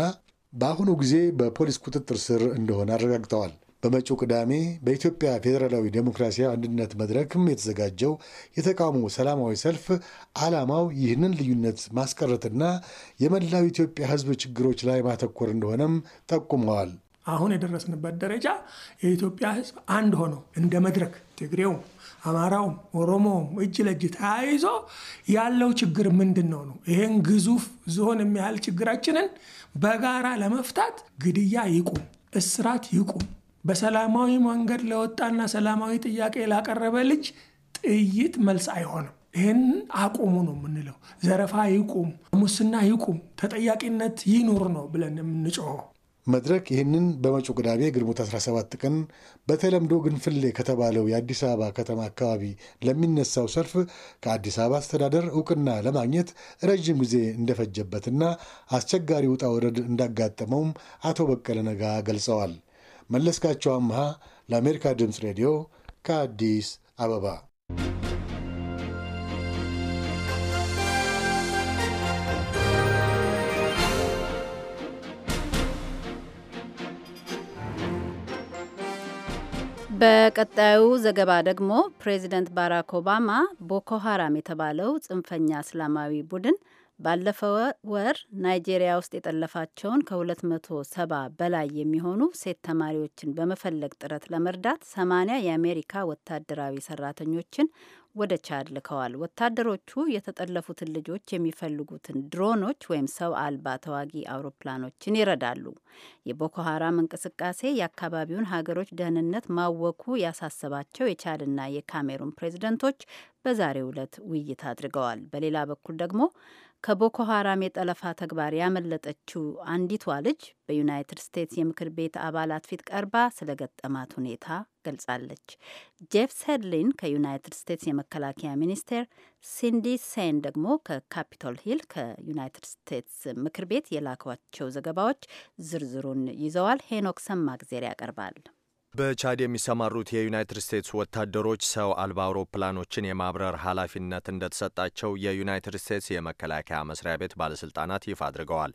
በአሁኑ ጊዜ በፖሊስ ቁጥጥር ስር እንደሆነ አረጋግጠዋል። በመጪው ቅዳሜ በኢትዮጵያ ፌዴራላዊ ዴሞክራሲያዊ አንድነት መድረክም የተዘጋጀው የተቃውሞ ሰላማዊ ሰልፍ ዓላማው ይህንን ልዩነት ማስቀረትና የመላው ኢትዮጵያ ሕዝብ ችግሮች ላይ ማተኮር እንደሆነም ጠቁመዋል። አሁን የደረስንበት ደረጃ የኢትዮጵያ ሕዝብ አንድ ሆኖ እንደ መድረክ ትግሬውም፣ አማራውም፣ ኦሮሞውም እጅ ለእጅ ተያይዞ ያለው ችግር ምንድን ነው ነው ይህን ግዙፍ ዝሆን የሚያህል ችግራችንን በጋራ ለመፍታት ግድያ ይቁም፣ እስራት ይቁም በሰላማዊ መንገድ ለወጣና ሰላማዊ ጥያቄ ላቀረበ ልጅ ጥይት መልስ አይሆንም። ይህን አቁሙ ነው የምንለው። ዘረፋ ይቁም፣ ሙስና ይቁም፣ ተጠያቂነት ይኑር ነው ብለን የምንጮኸው። መድረክ ይህንን በመጪው ቅዳሜ ግንቦት 17 ቀን በተለምዶ ግንፍሌ ከተባለው የአዲስ አበባ ከተማ አካባቢ ለሚነሳው ሰልፍ ከአዲስ አበባ አስተዳደር እውቅና ለማግኘት ረዥም ጊዜ እንደፈጀበትና አስቸጋሪ ውጣ ወረድ እንዳጋጠመውም አቶ በቀለ ነጋ ገልጸዋል። መለስካቸው አምሃ ለአሜሪካ ድምፅ ሬዲዮ ከአዲስ አበባ በቀጣዩ ዘገባ ደግሞ ፕሬዚደንት ባራክ ኦባማ ቦኮ ሀራም የተባለው ጽንፈኛ እስላማዊ ቡድን ባለፈው ወር ናይጄሪያ ውስጥ የጠለፋቸውን ከ270 በላይ የሚሆኑ ሴት ተማሪዎችን በመፈለግ ጥረት ለመርዳት 80 የአሜሪካ ወታደራዊ ሰራተኞችን ወደ ቻድ ልከዋል። ወታደሮቹ የተጠለፉትን ልጆች የሚፈልጉትን ድሮኖች ወይም ሰው አልባ ተዋጊ አውሮፕላኖችን ይረዳሉ። የቦኮ ሀራም እንቅስቃሴ የአካባቢውን ሀገሮች ደህንነት ማወኩ ያሳሰባቸው የቻድና የካሜሩን ፕሬዝደንቶች በዛሬው ዕለት ውይይት አድርገዋል። በሌላ በኩል ደግሞ ከቦኮ ሀራም የጠለፋ ተግባር ያመለጠችው አንዲቷ ልጅ በዩናይትድ ስቴትስ የምክር ቤት አባላት ፊት ቀርባ ስለገጠማት ሁኔታ ገልጻለች። ጄፍ ሰድሊን ከዩናይትድ ስቴትስ የመከላከያ ሚኒስቴር፣ ሲንዲ ሴን ደግሞ ከካፒቶል ሂል ከዩናይትድ ስቴትስ ምክር ቤት የላኳቸው ዘገባዎች ዝርዝሩን ይዘዋል። ሄኖክ ሰማግዜር ያቀርባል። በቻድ የሚሰማሩት የዩናይትድ ስቴትስ ወታደሮች ሰው አልባ አውሮፕላኖችን የማብረር ኃላፊነት እንደተሰጣቸው የዩናይትድ ስቴትስ የመከላከያ መስሪያ ቤት ባለሥልጣናት ይፋ አድርገዋል።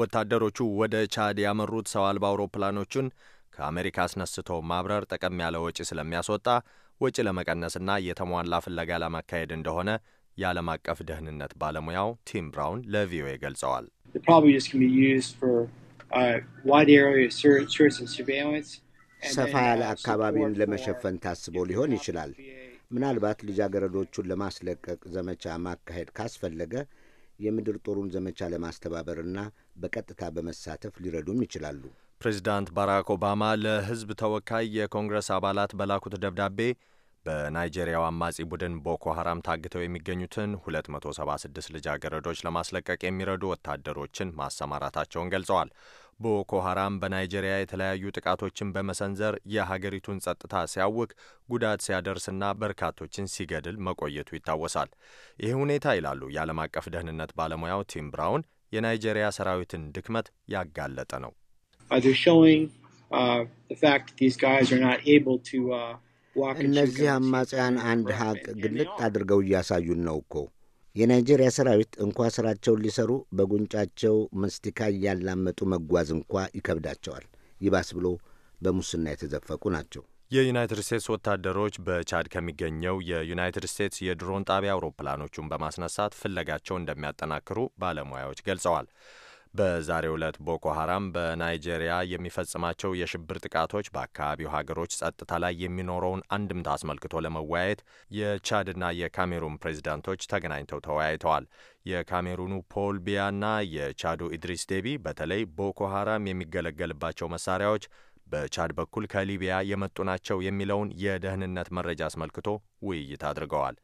ወታደሮቹ ወደ ቻድ ያመሩት ሰው አልባ አውሮፕላኖቹን ከአሜሪካ አስነስቶ ማብረር ጠቀም ያለ ወጪ ስለሚያስወጣ ወጪ ለመቀነስና የተሟላ ፍለጋ ለማካሄድ እንደሆነ የዓለም አቀፍ ደህንነት ባለሙያው ቲም ብራውን ለቪኦኤ ገልጸዋል። ሰፋ ያለ አካባቢን ለመሸፈን ታስቦ ሊሆን ይችላል። ምናልባት ልጃገረዶቹን ለማስለቀቅ ዘመቻ ማካሄድ ካስፈለገ የምድር ጦሩን ዘመቻ ለማስተባበርና በቀጥታ በመሳተፍ ሊረዱም ይችላሉ። ፕሬዚዳንት ባራክ ኦባማ ለሕዝብ ተወካይ የኮንግረስ አባላት በላኩት ደብዳቤ በናይጄሪያው አማጺ ቡድን ቦኮ ሐራም ታግተው የሚገኙትን 276 ልጃገረዶች ለማስለቀቅ የሚረዱ ወታደሮችን ማሰማራታቸውን ገልጸዋል። ቦኮ ሀራም በናይጄሪያ የተለያዩ ጥቃቶችን በመሰንዘር የሀገሪቱን ጸጥታ ሲያውክ ጉዳት ሲያደርስና በርካቶችን ሲገድል መቆየቱ ይታወሳል። ይህ ሁኔታ ይላሉ የዓለም አቀፍ ደህንነት ባለሙያው ቲም ብራውን የናይጄሪያ ሰራዊትን ድክመት ያጋለጠ ነው። uh, uh, uh, እነዚህ አማጽያን አንድ ሀቅ ግልጥ አድርገው እያሳዩን ነው እኮ የናይጄሪያ ሰራዊት እንኳ ስራቸውን ሊሰሩ በጉንጫቸው መስቲካ እያላመጡ መጓዝ እንኳ ይከብዳቸዋል። ይባስ ብሎ በሙስና የተዘፈቁ ናቸው። የዩናይትድ ስቴትስ ወታደሮች በቻድ ከሚገኘው የዩናይትድ ስቴትስ የድሮን ጣቢያ አውሮፕላኖቹን በማስነሳት ፍለጋቸው እንደሚያጠናክሩ ባለሙያዎች ገልጸዋል። በዛሬ ዕለት ቦኮ ሀራም በናይጄሪያ የሚፈጽማቸው የሽብር ጥቃቶች በአካባቢው ሀገሮች ጸጥታ ላይ የሚኖረውን አንድምታ አስመልክቶ ለመወያየት የቻድና የካሜሩን ፕሬዚዳንቶች ተገናኝተው ተወያይተዋል። የካሜሩኑ ፖል ቢያና የቻዱ ኢድሪስ ዴቢ በተለይ ቦኮ ሀራም የሚገለገልባቸው መሳሪያዎች በቻድ በኩል ከሊቢያ የመጡ ናቸው የሚለውን የደህንነት መረጃ አስመልክቶ ውይይት አድርገዋል።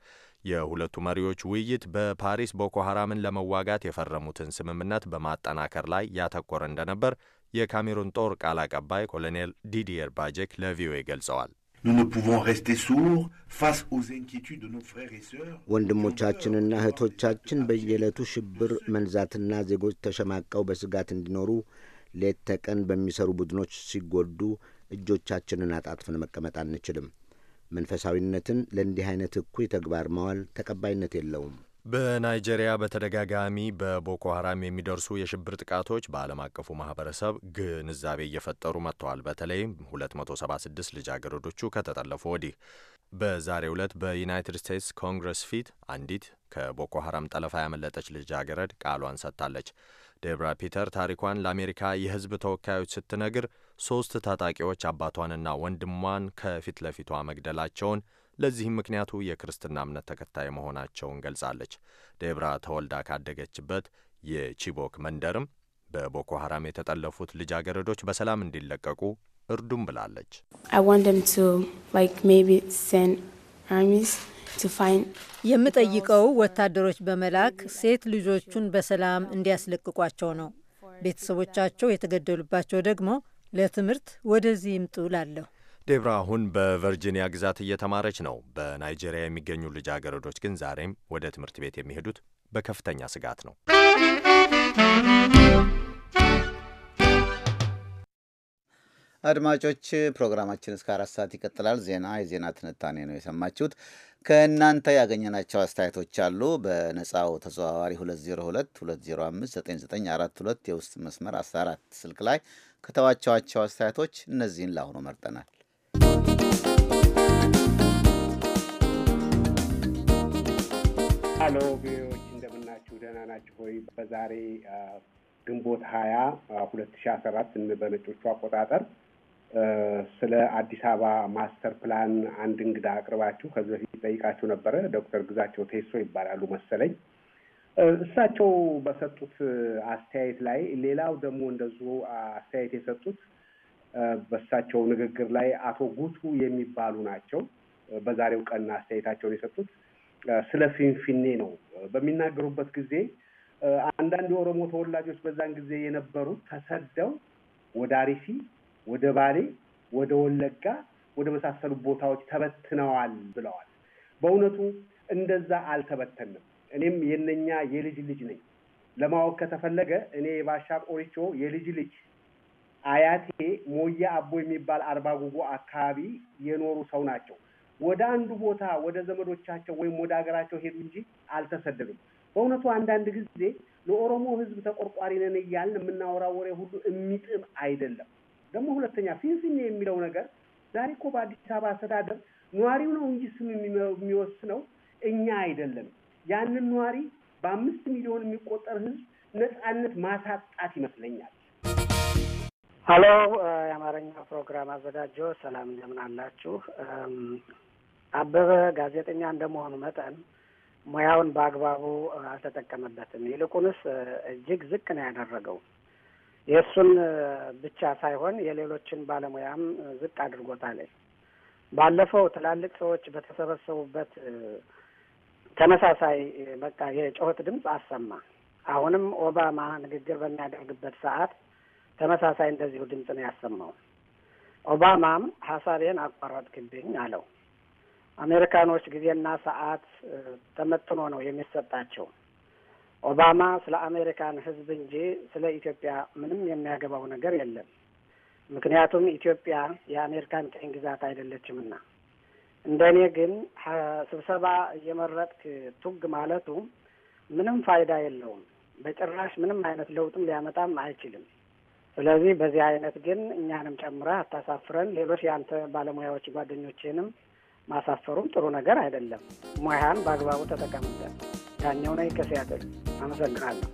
የሁለቱ መሪዎች ውይይት በፓሪስ ቦኮ ሐራምን ለመዋጋት የፈረሙትን ስምምነት በማጠናከር ላይ ያተኮረ እንደነበር የካሜሩን ጦር ቃል አቀባይ ኮሎኔል ዲዲየር ባጀክ ለቪኦኤ ገልጸዋል። ወንድሞቻችንና እህቶቻችን በየዕለቱ ሽብር መንዛትና ዜጎች ተሸማቀው በስጋት እንዲኖሩ ሌት ተቀን በሚሰሩ ቡድኖች ሲጎዱ እጆቻችንን አጣጥፍን መቀመጥ አንችልም። መንፈሳዊነትን ለእንዲህ አይነት እኩይ ተግባር ማዋል ተቀባይነት የለውም። በናይጄሪያ በተደጋጋሚ በቦኮ ሀራም የሚደርሱ የሽብር ጥቃቶች በዓለም አቀፉ ማህበረሰብ ግንዛቤ እየፈጠሩ መጥተዋል። በተለይም 276 ልጃገረዶቹ ከተጠለፉ ወዲህ በዛሬው ዕለት በዩናይትድ ስቴትስ ኮንግረስ ፊት አንዲት ከቦኮ ሀራም ጠለፋ ያመለጠች ልጃገረድ ቃሏን ሰጥታለች። ዴብራ ፒተር ታሪኳን ለአሜሪካ የሕዝብ ተወካዮች ስትነግር ሦስት ታጣቂዎች አባቷንና ወንድሟን ከፊት ለፊቷ መግደላቸውን ለዚህም ምክንያቱ የክርስትና እምነት ተከታይ መሆናቸውን ገልጻለች። ዴብራ ተወልዳ ካደገችበት የቺቦክ መንደርም በቦኮ ሐራም የተጠለፉት ልጃገረዶች በሰላም እንዲለቀቁ እርዱም ብላለች። የምጠይቀው ወታደሮች በመላክ ሴት ልጆቹን በሰላም እንዲያስለቅቋቸው ነው። ቤተሰቦቻቸው የተገደሉባቸው ደግሞ ለትምህርት ወደዚህ ይምጡ ላለሁ። ዴብራ አሁን በቨርጂኒያ ግዛት እየተማረች ነው። በናይጄሪያ የሚገኙ ልጃገረዶች ግን ዛሬም ወደ ትምህርት ቤት የሚሄዱት በከፍተኛ ስጋት ነው። አድማጮች ፕሮግራማችን እስከ አራት ሰዓት ይቀጥላል። ዜና የዜና ትንታኔ ነው የሰማችሁት። ከእናንተ ያገኘናቸው አስተያየቶች አሉ። በነጻው ተዘዋዋሪ 2022059942 የውስጥ መስመር 14 ስልክ ላይ ከተዋቸዋቸው አስተያየቶች እነዚህን ለአሁኑ መርጠናል። ሄሎ ቪዎች እንደምናችሁ ደህና ናችሁ ሆይ በዛሬ ግንቦት ሀያ ሁለት ሺ አስራ አራት በነጮቹ አቆጣጠር ስለ አዲስ አበባ ማስተር ፕላን አንድ እንግዳ አቅርባችሁ ከዚህ በፊት ጠይቃችሁ ነበረ። ዶክተር ግዛቸው ቴሶ ይባላሉ መሰለኝ። እሳቸው በሰጡት አስተያየት ላይ ሌላው ደግሞ እንደዚሁ አስተያየት የሰጡት በእሳቸው ንግግር ላይ አቶ ጉቱ የሚባሉ ናቸው። በዛሬው ቀን አስተያየታቸውን የሰጡት ስለ ፊንፊኔ ነው። በሚናገሩበት ጊዜ አንዳንድ የኦሮሞ ተወላጆች በዛን ጊዜ የነበሩት ተሰደው ወደ አሪሲ ወደ ባሌ፣ ወደ ወለጋ፣ ወደ መሳሰሉ ቦታዎች ተበትነዋል ብለዋል። በእውነቱ እንደዛ አልተበተንም። እኔም የነኛ የልጅ ልጅ ነኝ። ለማወቅ ከተፈለገ እኔ የባሻ ቆሪቾ የልጅ ልጅ አያቴ ሞያ አቦ የሚባል አርባ ጉጎ አካባቢ የኖሩ ሰው ናቸው። ወደ አንዱ ቦታ ወደ ዘመዶቻቸው ወይም ወደ ሀገራቸው ሄዱ እንጂ አልተሰደዱም። በእውነቱ አንዳንድ ጊዜ ለኦሮሞ ሕዝብ ተቆርቋሪ ነን እያልን የምናወራ ወሬ ሁሉ የሚጥም አይደለም። ደግሞ ሁለተኛ ፊንፊኔ የሚለው ነገር ዛሬ እኮ በአዲስ አበባ አስተዳደር ነዋሪው ነው እንጂ ስም የሚወስነው እኛ አይደለም። ያንን ነዋሪ በአምስት ሚሊዮን የሚቆጠር ህዝብ ነጻነት ማሳጣት ይመስለኛል። ሀሎ፣ የአማርኛ ፕሮግራም አዘጋጆ ሰላም፣ እንደምን አላችሁ? አበበ ጋዜጠኛ እንደመሆኑ መጠን ሙያውን በአግባቡ አልተጠቀመበትም። ይልቁንስ እጅግ ዝቅ ነው ያደረገው። የእሱን ብቻ ሳይሆን የሌሎችን ባለሙያም ዝቅ አድርጎታል። ባለፈው ትላልቅ ሰዎች በተሰበሰቡበት ተመሳሳይ በቃ የጩኸት ድምፅ አሰማ። አሁንም ኦባማ ንግግር በሚያደርግበት ሰዓት ተመሳሳይ እንደዚሁ ድምፅ ነው ያሰማው። ኦባማም ሀሳቤን አቋረጥክብኝ አለው። አሜሪካኖች ጊዜና ሰዓት ተመጥኖ ነው የሚሰጣቸው። ኦባማ ስለ አሜሪካን ህዝብ እንጂ ስለ ኢትዮጵያ ምንም የሚያገባው ነገር የለም። ምክንያቱም ኢትዮጵያ የአሜሪካን ቅኝ ግዛት አይደለችምና። እንደ እኔ ግን ስብሰባ እየመረጥክ ቱግ ማለቱ ምንም ፋይዳ የለውም። በጭራሽ ምንም አይነት ለውጥም ሊያመጣም አይችልም። ስለዚህ በዚህ አይነት ግን እኛንም ጨምረህ አታሳፍረን። ሌሎች የአንተ ባለሙያዎች ጓደኞችንም ማሳፈሩም ጥሩ ነገር አይደለም። ሙያን በአግባቡ ተጠቀምበት። ዳኛው ነኝ ከሲያትል አመሰግናለሁ።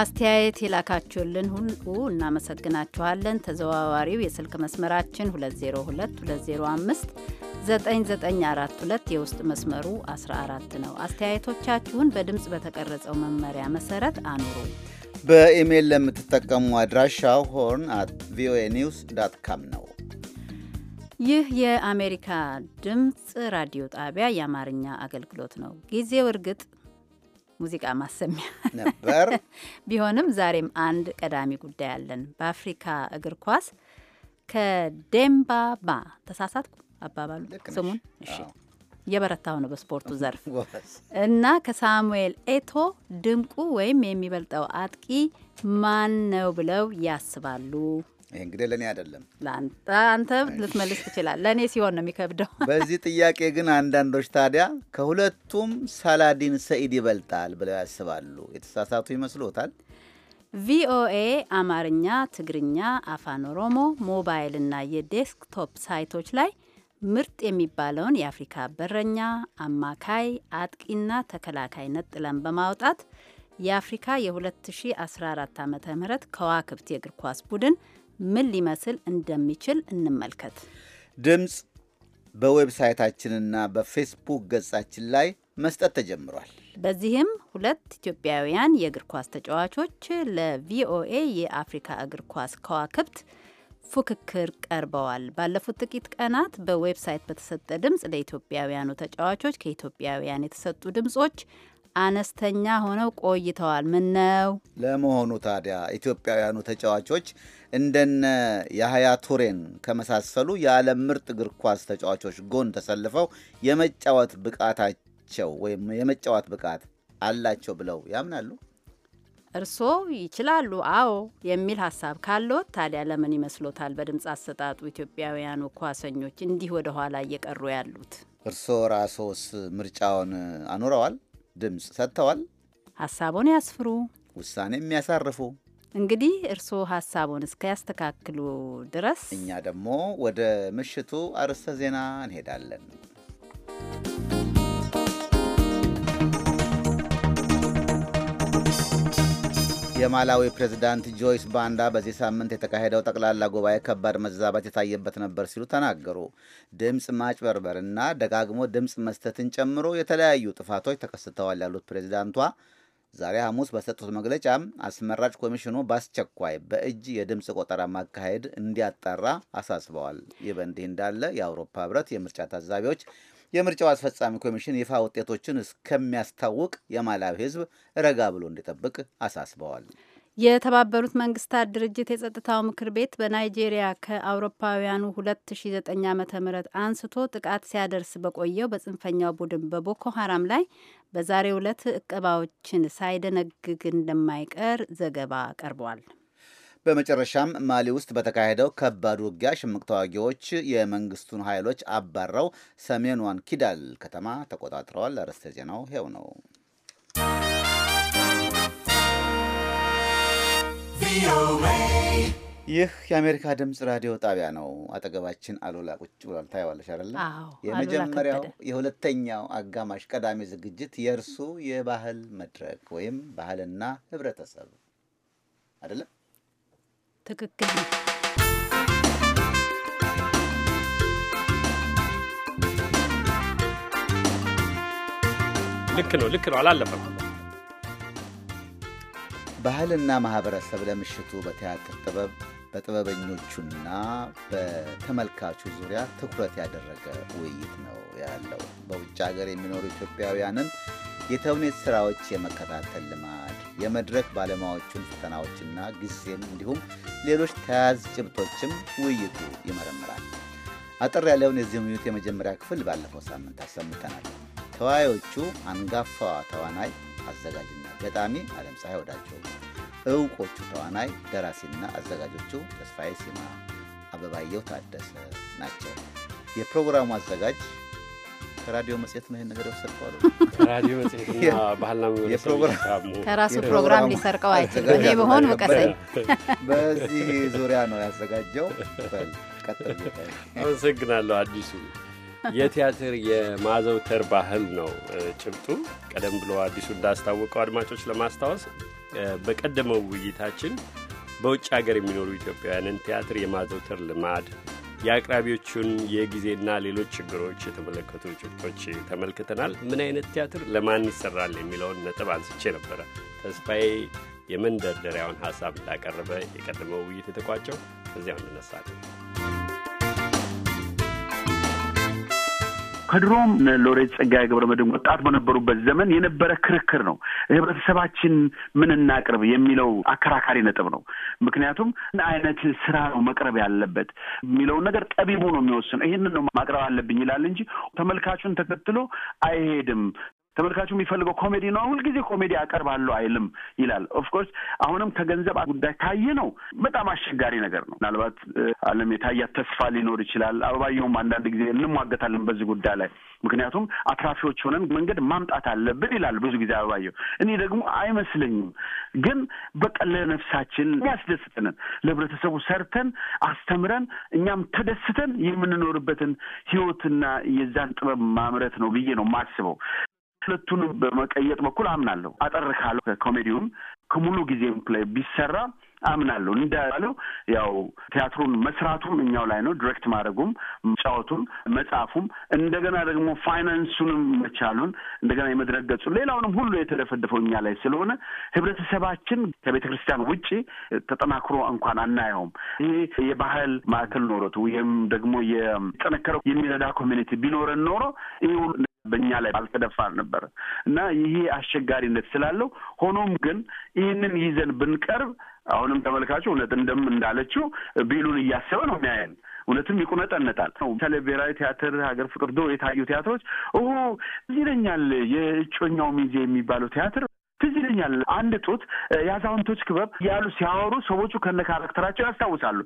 አስተያየት የላካችሁልን ሁሉ እናመሰግናችኋለን። ተዘዋዋሪው የስልክ መስመራችን 2022059942 የውስጥ መስመሩ 14 ነው። አስተያየቶቻችሁን በድምፅ በተቀረጸው መመሪያ መሰረት አኑሩ። በኢሜይል ለምትጠቀሙ አድራሻ ሆርን አት ቪኦኤ ኒውስ ዳት ካም ነው። ይህ የአሜሪካ ድምፅ ራዲዮ ጣቢያ የአማርኛ አገልግሎት ነው። ጊዜው እርግጥ ሙዚቃ ማሰሚያ ነበር፣ ቢሆንም ዛሬም አንድ ቀዳሚ ጉዳይ አለን። በአፍሪካ እግር ኳስ ከዴምባባ ተሳሳትኩ አባባሉ ስሙን እሺ የበረታው ነው በስፖርቱ ዘርፍ እና ከሳሙኤል ኤቶ ድምቁ ወይም የሚበልጠው አጥቂ ማን ነው ብለው ያስባሉ? ይህ እንግዲህ ለእኔ አይደለም፣ አንተ ልትመልስ ትችላል። ለእኔ ሲሆን ነው የሚከብደው። በዚህ ጥያቄ ግን አንዳንዶች ታዲያ ከሁለቱም ሳላዲን ሰኢድ ይበልጣል ብለው ያስባሉ። የተሳሳቱ ይመስሎታል? ቪኦኤ አማርኛ፣ ትግርኛ፣ አፋን ኦሮሞ እና የዴስክቶፕ ሳይቶች ላይ ምርጥ የሚባለውን የአፍሪካ በረኛ፣ አማካይ፣ አጥቂና ተከላካይ ነጥለን በማውጣት የአፍሪካ የ2014 ዓ ም ከዋክብት የእግር ኳስ ቡድን ምን ሊመስል እንደሚችል እንመልከት። ድምፅ በዌብሳይታችንና በፌስቡክ ገጻችን ላይ መስጠት ተጀምሯል። በዚህም ሁለት ኢትዮጵያውያን የእግር ኳስ ተጫዋቾች ለቪኦኤ የአፍሪካ እግር ኳስ ከዋክብት ፉክክር ቀርበዋል። ባለፉት ጥቂት ቀናት በዌብሳይት በተሰጠ ድምፅ ለኢትዮጵያውያኑ ተጫዋቾች ከኢትዮጵያውያን የተሰጡ ድምጾች አነስተኛ ሆነው ቆይተዋል። ምን ነው ለመሆኑ ታዲያ ኢትዮጵያውያኑ ተጫዋቾች እንደነ የሀያ ቱሬን ከመሳሰሉ የዓለም ምርጥ እግር ኳስ ተጫዋቾች ጎን ተሰልፈው የመጫወት ብቃታቸው ወይም የመጫወት ብቃት አላቸው ብለው ያምናሉ? እርስዎ ይችላሉ፣ አዎ የሚል ሀሳብ ካለዎት ታዲያ ለምን ይመስሎታል በድምፅ አሰጣጡ ኢትዮጵያውያኑ ኳሰኞች እንዲህ ወደ ኋላ እየቀሩ ያሉት? እርስዎ ራስዎስ ምርጫውን አኑረዋል? ድምፅ ሰጥተዋል? ሀሳቦን ያስፍሩ፣ ውሳኔ የሚያሳርፉ እንግዲህ እርስዎ ሀሳቡን እስከያስተካክሉ ድረስ እኛ ደግሞ ወደ ምሽቱ አርዕስተ ዜና እንሄዳለን። የማላዊ ፕሬዝዳንት ጆይስ ባንዳ በዚህ ሳምንት የተካሄደው ጠቅላላ ጉባኤ ከባድ መዛባት የታየበት ነበር ሲሉ ተናገሩ። ድምፅ ማጭበርበርና ደጋግሞ ድምፅ መስጠትን ጨምሮ የተለያዩ ጥፋቶች ተከስተዋል ያሉት ፕሬዝዳንቷ ዛሬ ሐሙስ በሰጡት መግለጫ አስመራጭ ኮሚሽኑ በአስቸኳይ በእጅ የድምፅ ቆጠራ ማካሄድ እንዲያጣራ አሳስበዋል። ይህ በእንዲህ እንዳለ የአውሮፓ ህብረት የምርጫ ታዛቢዎች የምርጫው አስፈጻሚ ኮሚሽን ይፋ ውጤቶችን እስከሚያስታውቅ የማላዊ ሕዝብ ረጋ ብሎ እንዲጠብቅ አሳስበዋል። የተባበሩት መንግስታት ድርጅት የጸጥታው ምክር ቤት በናይጄሪያ ከአውሮፓውያኑ 2009 ዓ ም አንስቶ ጥቃት ሲያደርስ በቆየው በጽንፈኛው ቡድን በቦኮ ሀራም ላይ በዛሬው ዕለት እቀባዎችን ሳይደነግግ እንደማይቀር ዘገባ ቀርቧል። በመጨረሻም ማሊ ውስጥ በተካሄደው ከባድ ውጊያ ሽምቅ ተዋጊዎች የመንግስቱን ኃይሎች አባረው ሰሜኗን ኪዳል ከተማ ተቆጣጥረዋል። አርዕስተ ዜናው ይኸው ነው። ይህ የአሜሪካ ድምፅ ራዲዮ ጣቢያ ነው። አጠገባችን አሉላ ቁጭ ብሏል። ታየዋለሽ አይደለ? የመጀመሪያው የሁለተኛው አጋማሽ ቀዳሚ ዝግጅት የእርሱ የባህል መድረክ ወይም ባህልና ህብረተሰብ አይደለም ትክክል ነው። ልክ ነው፣ ልክ ነው። አላለፈም። ባህልና ማህበረሰብ ለምሽቱ በቲያትር ጥበብ በጥበበኞቹና በተመልካቹ ዙሪያ ትኩረት ያደረገ ውይይት ነው ያለው። በውጭ ሀገር የሚኖሩ ኢትዮጵያውያንን የተውኔት ስራዎች የመከታተል ልማድ የመድረክ ባለሙያዎቹን ፈተናዎችና ጊዜን እንዲሁም ሌሎች ተያያዝ ጭብጦችም ውይይቱ ይመረምራል። አጠር ያለውን የዚህ ውይይት የመጀመሪያ ክፍል ባለፈው ሳምንት አሰምተናል። ተወያዮቹ አንጋፋዋ ተዋናይ አዘጋጅና ገጣሚ ዓለም ፀሐይ ወዳቸው፣ እውቆቹ ተዋናይ ደራሲና አዘጋጆቹ ተስፋዬ ሲማ፣ አበባየው ታደሰ ናቸው። የፕሮግራሙ አዘጋጅ ከራዲዮ መጽሔት ነው ይህን ነገር የወሰድከው ከራዲዮ መጽሔት ባህልና ከራሱ ፕሮግራም ሊሰርቀው አይችልም። እኔ በሆን ውቀሰኝ። በዚህ ዙሪያ ነው ያዘጋጀው። አመሰግናለሁ አዲሱ። የቲያትር የማዘውተር ባህል ነው ጭብጡ። ቀደም ብሎ አዲሱ እንዳስታወቀው አድማጮች ለማስታወስ በቀደመው ውይይታችን በውጭ ሀገር የሚኖሩ ኢትዮጵያውያንን ቲያትር የማዘውተር ልማድ የአቅራቢዎቹን የጊዜና ሌሎች ችግሮች የተመለከቱ ጭብጦች ተመልክተናል። ምን አይነት ቲያትር ለማን ይሰራል የሚለውን ነጥብ አንስቼ ነበረ። ተስፋዬ የመንደርደሪያውን ሀሳብ እንዳቀረበ የቀደመው ውይይት የተቋጨው እዚያው እንነሳለን። ከድሮም ሎሬት ጸጋዬ ገብረ መድን ወጣት በነበሩበት ዘመን የነበረ ክርክር ነው። ህብረተሰባችን ምን እናቅርብ የሚለው አከራካሪ ነጥብ ነው። ምክንያቱም ምን አይነት ስራ ነው መቅረብ ያለበት የሚለውን ነገር ጠቢቡ ነው የሚወስነው። ይህንን ነው ማቅረብ አለብኝ ይላል እንጂ ተመልካቹን ተከትሎ አይሄድም። ተመልካቹ የሚፈልገው ኮሜዲ ነው። ሁልጊዜ ኮሜዲ አቀርባለሁ አይልም ይላል። ኦፍኮርስ አሁንም ከገንዘብ ጉዳይ ካየ ነው በጣም አስቸጋሪ ነገር ነው። ምናልባት አለም የታያት ተስፋ ሊኖር ይችላል። አበባየውም አንዳንድ ጊዜ እንሟገታለን በዚህ ጉዳይ ላይ ምክንያቱም አትራፊዎች ሆነን መንገድ ማምጣት አለብን ይላል ብዙ ጊዜ አበባየው። እኔ ደግሞ አይመስለኝም። ግን በቀለ ነፍሳችን ያስደስተንን ለህብረተሰቡ ሰርተን አስተምረን እኛም ተደስተን የምንኖርበትን ህይወትና የዛን ጥበብ ማምረት ነው ብዬ ነው የማስበው። ሁለቱንም በመቀየጥ በኩል አምናለሁ። አጠር ካለው ከኮሜዲውም ከሙሉ ጊዜም ፕላይ ቢሰራ አምናለሁ። እንዳለው ያው ቲያትሩን መስራቱም እኛው ላይ ነው። ዲሬክት ማድረጉም፣ መጫወቱም፣ መጻፉም እንደገና ደግሞ ፋይናንሱንም መቻሉን እንደገና የመድረክ ገጹ ሌላውንም ሁሉ የተደፈደፈው እኛ ላይ ስለሆነ ህብረተሰባችን ከቤተ ክርስቲያን ውጭ ተጠናክሮ እንኳን አናየውም። ይሄ የባህል ማዕከል ኖሮት ወይም ደግሞ የጠነከረው የሚረዳ ኮሚኒቲ ቢኖረን ኖሮ ይህ በእኛ ላይ ባልተደፋ ነበር እና ይሄ አስቸጋሪነት ስላለው ሆኖም ግን ይህንን ይዘን ብንቀርብ አሁንም ተመልካቹ እውነት እንደም እንዳለችው ቢሉን እያሰበ ነው የሚያየን። እውነትም ይቁነጠነጣል። በተለይ ብሔራዊ ቲያትር፣ ሀገር ፍቅር ዶ የታዩ ቲያትሮች እሁ እዚህ ይለኛል የእጮኛው ሚዜ የሚባለው ቲያትር ትዝ ይለኛል አንድ ጡት የአዛውንቶች ክበብ ያሉ ሲያወሩ ሰዎቹ ከነ ካራክተራቸው ያስታውሳሉ።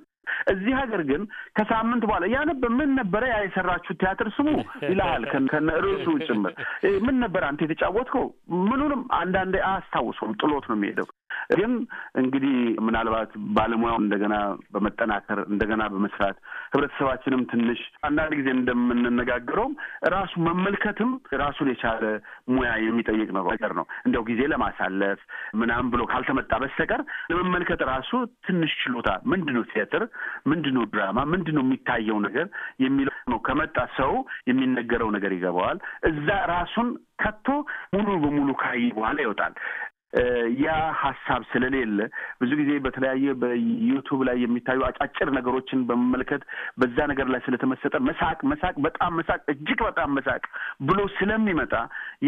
እዚህ ሀገር ግን ከሳምንት በኋላ ያነበ ምን ነበረ ያ የሰራችሁ ቲያትር ስሙ ይልሃል ከነ ርዕሱ ጭምር ምን ነበር አንተ የተጫወትከው ምኑንም አንዳንዴ አያስታውሱም ጥሎት ነው የሚሄደው። ግን እንግዲህ ምናልባት ባለሙያው እንደገና በመጠናከር እንደገና በመስራት ህብረተሰባችንም ትንሽ አንዳንድ ጊዜ እንደምንነጋገረውም ራሱ መመልከትም ራሱን የቻለ ሙያ የሚጠይቅ ነገር ነው። እንደው ጊዜ ለማሳለፍ ምናምን ብሎ ካልተመጣ በስተቀር ለመመልከት ራሱ ትንሽ ችሎታ ምንድን ነው ቲያትር፣ ምንድን ነው ድራማ፣ ምንድን ነው የሚታየው ነገር የሚለው ነው። ከመጣ ሰው የሚነገረው ነገር ይገባዋል። እዛ ራሱን ከቶ ሙሉ በሙሉ ካይ በኋላ ይወጣል። ያ ሀሳብ ስለሌለ ብዙ ጊዜ በተለያየ በዩቱብ ላይ የሚታዩ አጫጭር ነገሮችን በመመልከት በዛ ነገር ላይ ስለተመሰጠ መሳቅ መሳቅ በጣም መሳቅ እጅግ በጣም መሳቅ ብሎ ስለሚመጣ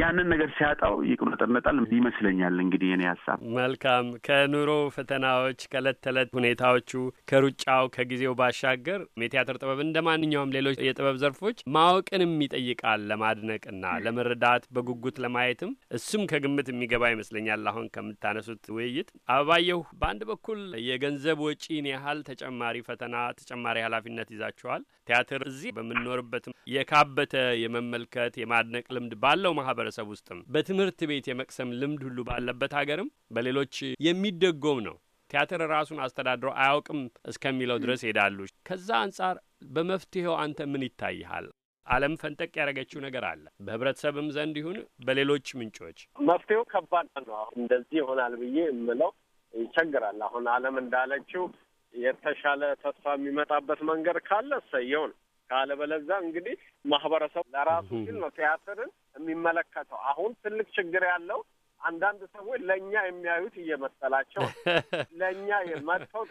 ያንን ነገር ሲያጣው ይቁነጠነጣል ይመስለኛል። እንግዲህ የኔ ሀሳብ መልካም ከኑሮ ፈተናዎች ከእለት ተዕለት ሁኔታዎቹ ከሩጫው ከጊዜው ባሻገር የቲያትር ጥበብ እንደ ማንኛውም ሌሎች የጥበብ ዘርፎች ማወቅንም ይጠይቃል። ለማድነቅና ለመረዳት በጉጉት ለማየትም እሱም ከግምት የሚገባ ይመስለኛል። አሁን ከምታነሱት ውይይት አበባየሁ፣ በአንድ በኩል የገንዘብ ወጪን ያህል ተጨማሪ ፈተና ተጨማሪ ኃላፊነት ይዛችኋል። ቲያትር እዚህ በምንኖርበትም የካበተ የመመልከት የማድነቅ ልምድ ባለው ማህበረሰብ ውስጥም በትምህርት ቤት የመቅሰም ልምድ ሁሉ ባለበት ሀገርም በሌሎች የሚደጎም ነው። ቲያትር ራሱን አስተዳድሮ አያውቅም እስከሚለው ድረስ ሄዳሉ። ከዛ አንጻር በመፍትሄው አንተ ምን ይታይሃል? ዓለም ፈንጠቅ ያደረገችው ነገር አለ። በህብረተሰብም ዘንድ ይሁን በሌሎች ምንጮች መፍትሄው ከባድ ነው። አሁን እንደዚህ ይሆናል ብዬ የምለው ይቸግራል። አሁን ዓለም እንዳለችው የተሻለ ተስፋ የሚመጣበት መንገድ ካለ እሰየው ነው። ካለበለዛ እንግዲህ ማህበረሰቡ ለራሱ ግን ነው ቲያትርን የሚመለከተው። አሁን ትልቅ ችግር ያለው አንዳንድ ሰዎች ለእኛ የሚያዩት እየመሰላቸው ለእኛ መጥተው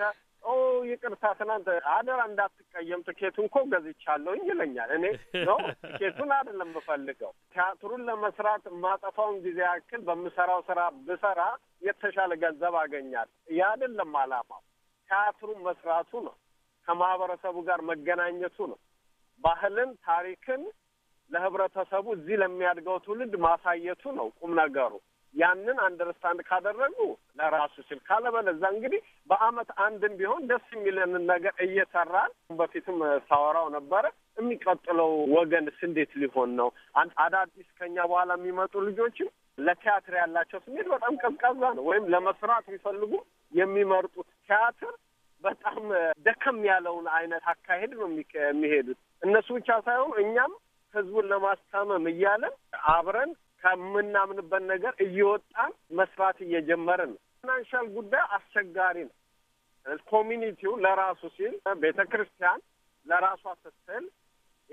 ኦ ይቅርታ፣ ትናንት አደራ እንዳትቀየም ትኬቱ እንኮ ገዝቻለሁ ይለኛል። እኔ ነው ትኬቱን አይደለም የምፈልገው። ቲያትሩን ለመስራት ማጠፋውን ጊዜ ያክል በምሰራው ስራ ብሰራ የተሻለ ገንዘብ አገኛል። ያ አይደለም አላማው። ቲያትሩን መስራቱ ነው፣ ከማህበረሰቡ ጋር መገናኘቱ ነው፣ ባህልን ታሪክን ለህብረተሰቡ እዚህ ለሚያድገው ትውልድ ማሳየቱ ነው ቁም ነገሩ። ያንን አንደርስታንድ ካደረጉ ለራሱ ሲል ካለበለዛ እንግዲህ በአመት አንድም ቢሆን ደስ የሚለንን ነገር እየሰራን በፊትም ሳወራው ነበረ። የሚቀጥለው ወገንስ እንዴት ሊሆን ነው? አዳዲስ ከኛ በኋላ የሚመጡ ልጆችም ለቲያትር ያላቸው ስሜት በጣም ቀዝቃዛ ነው። ወይም ለመስራት የሚፈልጉ የሚመርጡት ቲያትር በጣም ደከም ያለውን አይነት አካሄድ ነው የሚሄዱት። እነሱ ብቻ ሳይሆን እኛም ህዝቡን ለማስታመም እያለን አብረን ከምናምንበት ነገር እየወጣን መስራት እየጀመርን ነው። ፋይናንሻል ጉዳይ አስቸጋሪ ነው። ኮሚኒቲው ለራሱ ሲል ቤተ ክርስቲያን ለራሷ ስትል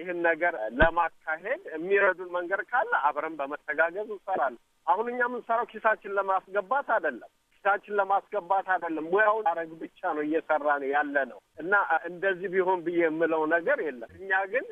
ይህን ነገር ለማካሄድ የሚረዱን መንገድ ካለ አብረን በመተጋገዝ እንሰራለን። አሁን እኛ የምንሰራው ኪሳችን ለማስገባት አይደለም፣ ኪሳችን ለማስገባት አይደለም። ሙያውን አረግ ብቻ ነው እየሰራ ነው ያለ ነው እና እንደዚህ ቢሆን ብዬ የምለው ነገር የለም። እኛ ግን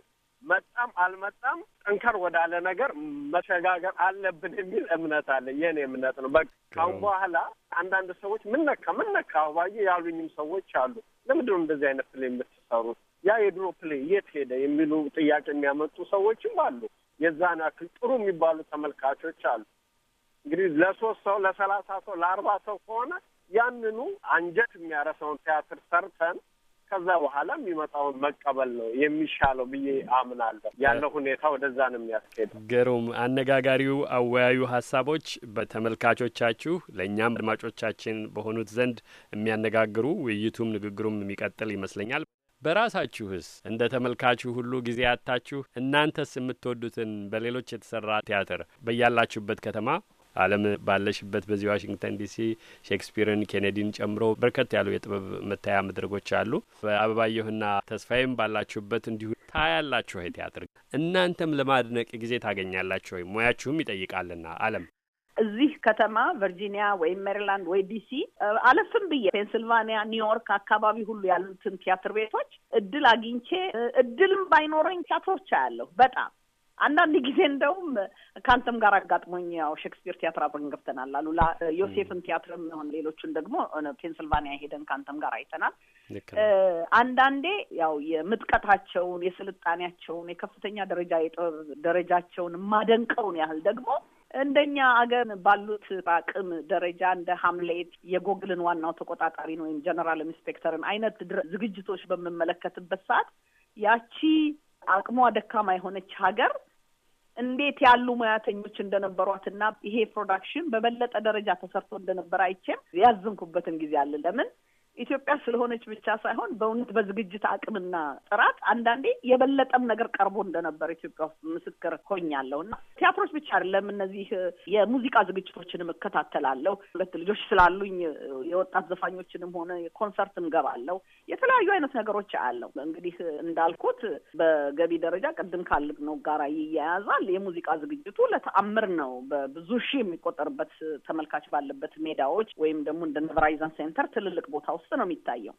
መጣም አልመጣም ጠንከር ወዳለ ነገር መሸጋገር አለብን የሚል እምነት አለ። የኔ እምነት ነው። በቃ ካሁን በኋላ አንዳንድ ሰዎች ምነካ ምነካ አባዬ ያሉኝም ሰዎች አሉ። ለምንድነው እንደዚህ አይነት ፕሌ የምትሰሩት? ያ የድሮ ፕሌ የት ሄደ? የሚሉ ጥያቄ የሚያመጡ ሰዎችም አሉ። የዛን ያክል ጥሩ የሚባሉ ተመልካቾች አሉ። እንግዲህ ለሶስት ሰው ለሰላሳ ሰው ለአርባ ሰው ከሆነ ያንኑ አንጀት የሚያረሰውን ቲያትር ሰርተን ከዛ በኋላ የሚመጣውን መቀበል ነው የሚሻለው ብዬ አምናለሁ። ያለው ሁኔታ ወደዛ ነው የሚያስኬድ። ግሩም አነጋጋሪው አወያዩ ሀሳቦች በተመልካቾቻችሁ ለእኛም አድማጮቻችን በሆኑት ዘንድ የሚያነጋግሩ ውይይቱም ንግግሩም የሚቀጥል ይመስለኛል። በራሳችሁስ እንደ ተመልካቹ ሁሉ ጊዜ ያታችሁ እናንተስ የምትወዱትን በሌሎች የተሰራ ቲያትር በያላችሁበት ከተማ ዓለም ባለሽበት በዚህ ዋሽንግተን ዲሲ ሼክስፒርን፣ ኬኔዲን ጨምሮ በርከት ያሉ የጥበብ መታያ መድረጎች አሉ። አበባየሁና ተስፋዬም ባላችሁበት እንዲሁ ታያላችሁ። ይ ቲያትር እናንተም ለማድነቅ ጊዜ ታገኛላችሁ ወይ? ሙያችሁም ይጠይቃልና። ዓለም እዚህ ከተማ ቨርጂኒያ ወይም ሜሪላንድ ወይ ዲሲ አለፍም ብዬ ፔንስልቫኒያ፣ ኒውዮርክ አካባቢ ሁሉ ያሉትን ቲያትር ቤቶች እድል አግኝቼ እድልም ባይኖረኝ ቲያትሮች አያለሁ በጣም አንዳንድ ጊዜ እንደውም ከአንተም ጋር አጋጥሞኝ ያው ሼክስፒር ቲያትር አብረን ገብተናል። አሉ ዮሴፍን ቲያትርም ሆን ሌሎቹን ደግሞ ፔንስልቫኒያ ሄደን ከአንተም ጋር አይተናል። አንዳንዴ ያው የምጥቀታቸውን፣ የስልጣኔያቸውን፣ የከፍተኛ ደረጃ የጥበብ ደረጃቸውን የማደንቀውን ያህል ደግሞ እንደኛ አገር ባሉት በአቅም ደረጃ እንደ ሀምሌት የጎግልን ዋናው ተቆጣጣሪን ወይም ጀነራል ኢንስፔክተርን አይነት ዝግጅቶች በምመለከትበት ሰዓት ያቺ አቅሟ ደካማ የሆነች ሀገር እንዴት ያሉ ሙያተኞች እንደነበሯት እና ይሄ ፕሮዳክሽን በበለጠ ደረጃ ተሰርቶ እንደነበር አይቼም ያዝንኩበትን ጊዜ አለ። ለምን ኢትዮጵያ ስለሆነች ብቻ ሳይሆን በእውነት በዝግጅት አቅምና ጥራት አንዳንዴ የበለጠም ነገር ቀርቦ እንደነበር ኢትዮጵያ ውስጥ ምስክር ሆኛለሁ እና ቲያትሮች ብቻ አይደለም፣ እነዚህ የሙዚቃ ዝግጅቶችንም እከታተላለሁ። ሁለት ልጆች ስላሉኝ የወጣት ዘፋኞችንም ሆነ ኮንሰርት እንገባለሁ። የተለያዩ አይነት ነገሮች አያለሁ። እንግዲህ እንዳልኩት በገቢ ደረጃ ቅድም ነው ጋር ይያያዛል። የሙዚቃ ዝግጅቱ ለተአምር ነው። በብዙ ሺህ የሚቆጠርበት ተመልካች ባለበት ሜዳዎች ወይም ደግሞ እንደ ቨራይዘን ሴንተር ትልልቅ ቦታ ውስጥ ውስጥ ነው የሚታየው።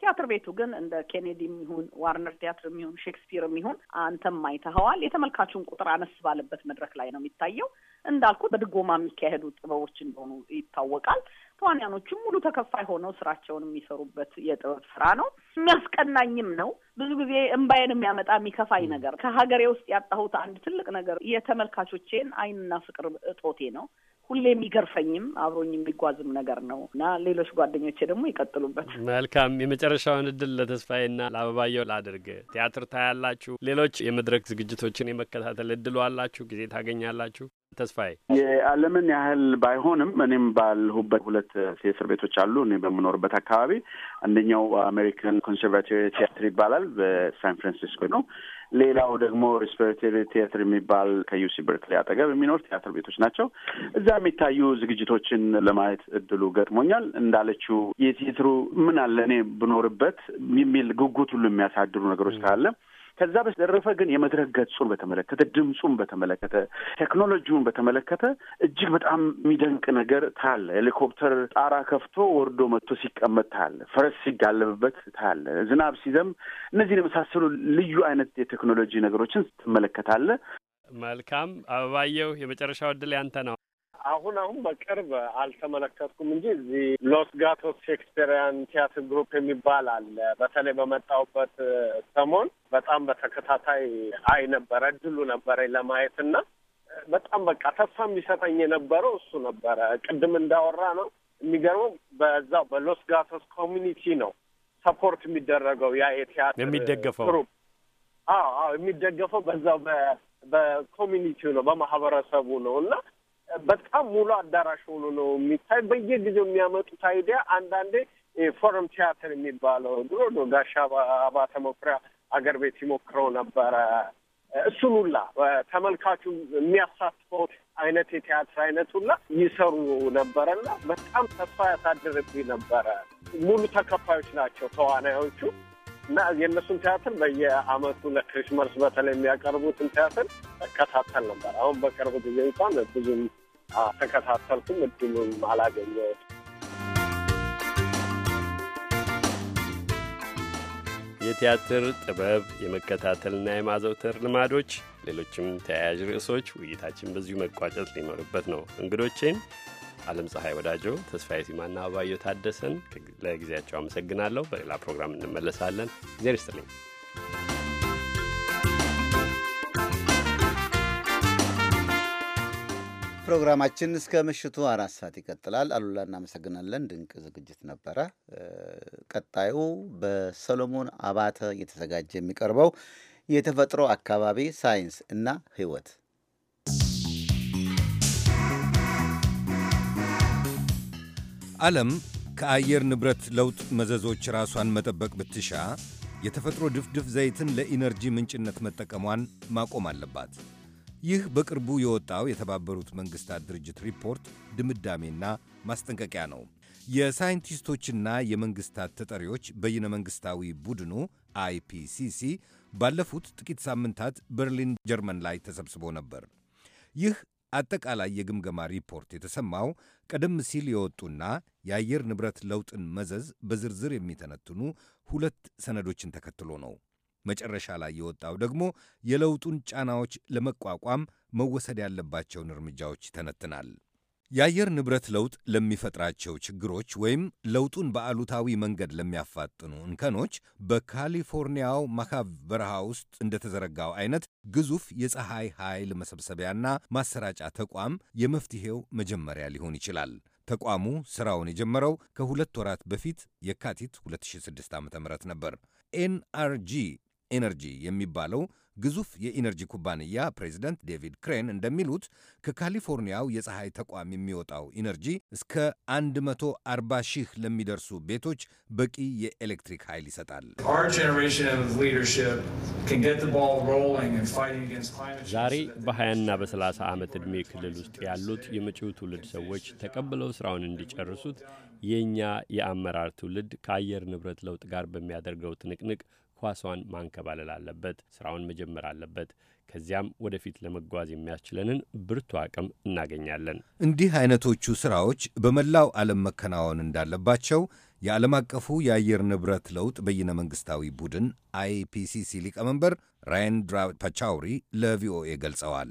ቲያትር ቤቱ ግን እንደ ኬኔዲ የሚሆን ዋርነር ቲያትር የሚሆን ሼክስፒር የሚሆን አንተም ማይተኸዋል የተመልካቹን ቁጥር አነስ ባለበት መድረክ ላይ ነው የሚታየው። እንዳልኩ በድጎማ የሚካሄዱ ጥበቦች እንደሆኑ ይታወቃል። ተዋንያኖቹም ሙሉ ተከፋይ ሆነው ስራቸውን የሚሰሩበት የጥበብ ስራ ነው። የሚያስቀናኝም ነው። ብዙ ጊዜ እምባዬን የሚያመጣ የሚከፋኝ ነገር ከሀገሬ ውስጥ ያጣሁት አንድ ትልቅ ነገር የተመልካቾቼን አይንና ፍቅር እጦቴ ነው። ሁሌ የሚገርፈኝም አብሮኝ የሚጓዝም ነገር ነው እና ሌሎች ጓደኞቼ ደግሞ ይቀጥሉበት። መልካም የመጨረሻውን እድል ለተስፋዬና ለአበባየው ላድርግ። ቲያትር ታያላችሁ፣ ሌሎች የመድረክ ዝግጅቶችን የመከታተል እድሉ አላችሁ፣ ጊዜ ታገኛላችሁ። ተስፋዬ የዓለምን ያህል ባይሆንም እኔም ባልሁበት ሁለት እስር ቤቶች አሉ። እኔ በምኖርበት አካባቢ አንደኛው አሜሪካን ኮንሰርቫቶሪ ቲያትር ይባላል። በሳን ፍራንሲስኮ ነው። ሌላው ደግሞ ሪስፒሬቶሪ ቲያትር የሚባል ከዩሲ በርክሌ አጠገብ የሚኖር ቲያትር ቤቶች ናቸው። እዛ የሚታዩ ዝግጅቶችን ለማየት እድሉ ገጥሞኛል። እንዳለችው የቲያትሩ ምን አለ እኔ ብኖርበት የሚል ጉጉት ሁሉ የሚያሳድሩ ነገሮች ካለ ከዛ በተረፈ ግን የመድረክ ገጹን በተመለከተ ድምፁን በተመለከተ ቴክኖሎጂውን በተመለከተ እጅግ በጣም የሚደንቅ ነገር ታለ። ሄሊኮፕተር ጣራ ከፍቶ ወርዶ መጥቶ ሲቀመጥ ታለ። ፈረስ ሲጋለብበት ታለ። ዝናብ ሲዘም እነዚህን የመሳሰሉ ልዩ አይነት የቴክኖሎጂ ነገሮችን ትመለከታለ። መልካም አበባየሁ፣ የመጨረሻው ዕድል ያንተ ነው። አሁን አሁን በቅርብ አልተመለከትኩም እንጂ እዚህ ሎስ ጋቶስ ሼክስፒሪያን ቲያትር ግሩፕ የሚባል አለ። በተለይ በመጣሁበት ሰሞን በጣም በተከታታይ አይ ነበረ እድሉ ነበረ ለማየት እና በጣም በቃ ተስፋ የሚሰጠኝ የነበረው እሱ ነበረ። ቅድም እንዳወራ ነው የሚገርመው በዛው በሎስ ጋቶስ ኮሚኒቲ ነው ሰፖርት የሚደረገው ያ የቲያትር የሚደገፈው ግሩፕ አዎ አዎ የሚደገፈው በዛው በኮሚኒቲው ነው በማህበረሰቡ ነው እና በጣም ሙሉ አዳራሽ ሆኖ ነው የሚታይ። በየጊዜው የሚያመጡት አይዲያ አንዳንዴ ፎረም ቲያትር የሚባለው ድሮ ነው ጋሻ አባተ መኩሪያ አገር ቤት ይሞክረው ነበረ። እሱን ሁላ ተመልካቹ የሚያሳትፈው አይነት የቲያትር አይነት ሁላ ይሰሩ ነበረና በጣም ተስፋ ያሳድርብኝ ነበረ። ሙሉ ተከፋዮች ናቸው ተዋናዮቹ። እና የእነሱን ቲያትር በየአመቱ ለክሪስመስ በተለይ የሚያቀርቡትን ቲያትር እከታተል ነበር። አሁን በቅርብ ጊዜ እንኳን ብዙም ተከታተልኩም እድሉም አላገኘሁት። የቲያትር ጥበብ የመከታተልና የማዘውተር ልማዶች፣ ሌሎችም ተያያዥ ርዕሶች ውይይታችን በዚሁ መቋጨት ሊኖርበት ነው። እንግዶቼን አለም ፀሐይ ወዳጆ፣ ተስፋዬ ሲማና አባዮ ታደሰን ለጊዜያቸው አመሰግናለሁ። በሌላ ፕሮግራም እንመለሳለን። እግዜር ይስጥልኝ። ፕሮግራማችን እስከ ምሽቱ አራት ሰዓት ይቀጥላል። አሉላ እናመሰግናለን። ድንቅ ዝግጅት ነበረ። ቀጣዩ በሰሎሞን አባተ እየተዘጋጀ የሚቀርበው የተፈጥሮ አካባቢ ሳይንስ እና ሕይወት ዓለም ከአየር ንብረት ለውጥ መዘዞች ራሷን መጠበቅ ብትሻ የተፈጥሮ ድፍድፍ ዘይትን ለኢነርጂ ምንጭነት መጠቀሟን ማቆም አለባት። ይህ በቅርቡ የወጣው የተባበሩት መንግሥታት ድርጅት ሪፖርት ድምዳሜና ማስጠንቀቂያ ነው። የሳይንቲስቶችና የመንግሥታት ተጠሪዎች በይነ መንግሥታዊ ቡድኑ አይፒሲሲ ባለፉት ጥቂት ሳምንታት በርሊን ጀርመን ላይ ተሰብስቦ ነበር። ይህ አጠቃላይ የግምገማ ሪፖርት የተሰማው ቀደም ሲል የወጡና የአየር ንብረት ለውጥን መዘዝ በዝርዝር የሚተነትኑ ሁለት ሰነዶችን ተከትሎ ነው። መጨረሻ ላይ የወጣው ደግሞ የለውጡን ጫናዎች ለመቋቋም መወሰድ ያለባቸውን እርምጃዎች ይተነትናል። የአየር ንብረት ለውጥ ለሚፈጥራቸው ችግሮች ወይም ለውጡን በአሉታዊ መንገድ ለሚያፋጥኑ እንከኖች በካሊፎርኒያው ማካቭ በረሃ ውስጥ እንደተዘረጋው አይነት ግዙፍ የፀሐይ ኃይል መሰብሰቢያና ማሰራጫ ተቋም የመፍትሔው መጀመሪያ ሊሆን ይችላል። ተቋሙ ሥራውን የጀመረው ከሁለት ወራት በፊት የካቲት 2006 ዓ.ም ነበር። ኤንአርጂ ኤነርጂ የሚባለው ግዙፍ የኢነርጂ ኩባንያ ፕሬዚደንት ዴቪድ ክሬን እንደሚሉት ከካሊፎርኒያው የፀሐይ ተቋም የሚወጣው ኢነርጂ እስከ 140 ሺህ ለሚደርሱ ቤቶች በቂ የኤሌክትሪክ ኃይል ይሰጣል። ዛሬ በ20ና በ30 ዓመት ዕድሜ ክልል ውስጥ ያሉት የመጪው ትውልድ ሰዎች ተቀብለው ስራውን እንዲጨርሱት የእኛ የአመራር ትውልድ ከአየር ንብረት ለውጥ ጋር በሚያደርገው ትንቅንቅ ኳሷን ማንከባለል አለበት፣ ስራውን መጀመር አለበት። ከዚያም ወደፊት ለመጓዝ የሚያስችለንን ብርቱ አቅም እናገኛለን። እንዲህ አይነቶቹ ስራዎች በመላው ዓለም መከናወን እንዳለባቸው የዓለም አቀፉ የአየር ንብረት ለውጥ በይነ መንግሥታዊ ቡድን አይፒሲሲ ሊቀመንበር ራይንድራ ፓቻውሪ ለቪኦኤ ገልጸዋል።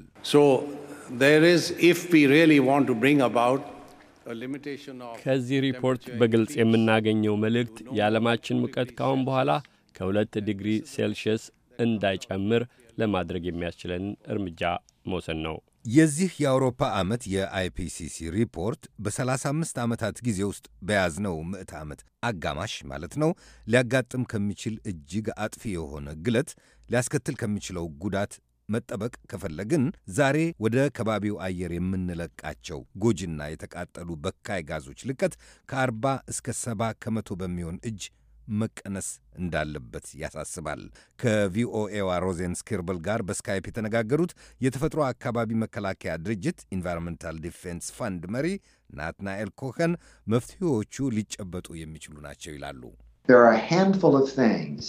ከዚህ ሪፖርት በግልጽ የምናገኘው መልእክት የዓለማችን ሙቀት ካሁን በኋላ ከሁለት ዲግሪ ሴልሽየስ እንዳይጨምር ለማድረግ የሚያስችለን እርምጃ መውሰድ ነው። የዚህ የአውሮፓ ዓመት የአይፒሲሲ ሪፖርት በ35 ዓመታት ጊዜ ውስጥ በያዝነው ምዕተ ዓመት አጋማሽ ማለት ነው ሊያጋጥም ከሚችል እጅግ አጥፊ የሆነ ግለት ሊያስከትል ከሚችለው ጉዳት መጠበቅ ከፈለግን ዛሬ ወደ ከባቢው አየር የምንለቃቸው ጎጂና የተቃጠሉ በካይ ጋዞች ልቀት ከ40 እስከ 70 ከመቶ በሚሆን እጅ መቀነስ እንዳለበት ያሳስባል። ከቪኦኤዋ ሮዜን ስኪርብል ጋር በስካይፕ የተነጋገሩት የተፈጥሮ አካባቢ መከላከያ ድርጅት ኢንቫይሮንሜንታል ዲፌንስ ፋንድ መሪ ናትናኤል ኮኸን መፍትሄዎቹ ሊጨበጡ የሚችሉ ናቸው ይላሉ። There are a handful of things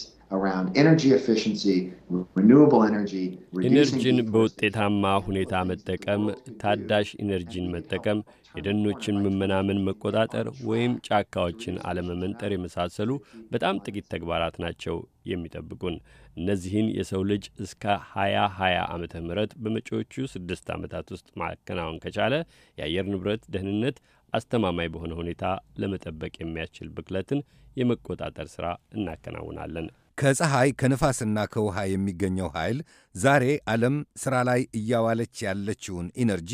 ኢነርጂን በውጤታማ ሁኔታ መጠቀም፣ ታዳሽ ኢነርጂን መጠቀም፣ የደኖችን መመናመን መቆጣጠር ወይም ጫካዎችን አለመመንጠር የመሳሰሉ በጣም ጥቂት ተግባራት ናቸው የሚጠብቁን። እነዚህን የሰው ልጅ እስከ 2020 ዓመተ ምህረት በመጪዎቹ ስድስት ዓመታት ውስጥ ማከናወን ከቻለ የአየር ንብረት ደህንነት አስተማማኝ በሆነ ሁኔታ ለመጠበቅ የሚያስችል ብክለትን የመቆጣጠር ሥራ እናከናውናለን። ከፀሐይ ከንፋስና ከውሃ የሚገኘው ኃይል ዛሬ ዓለም ሥራ ላይ እያዋለች ያለችውን ኢነርጂ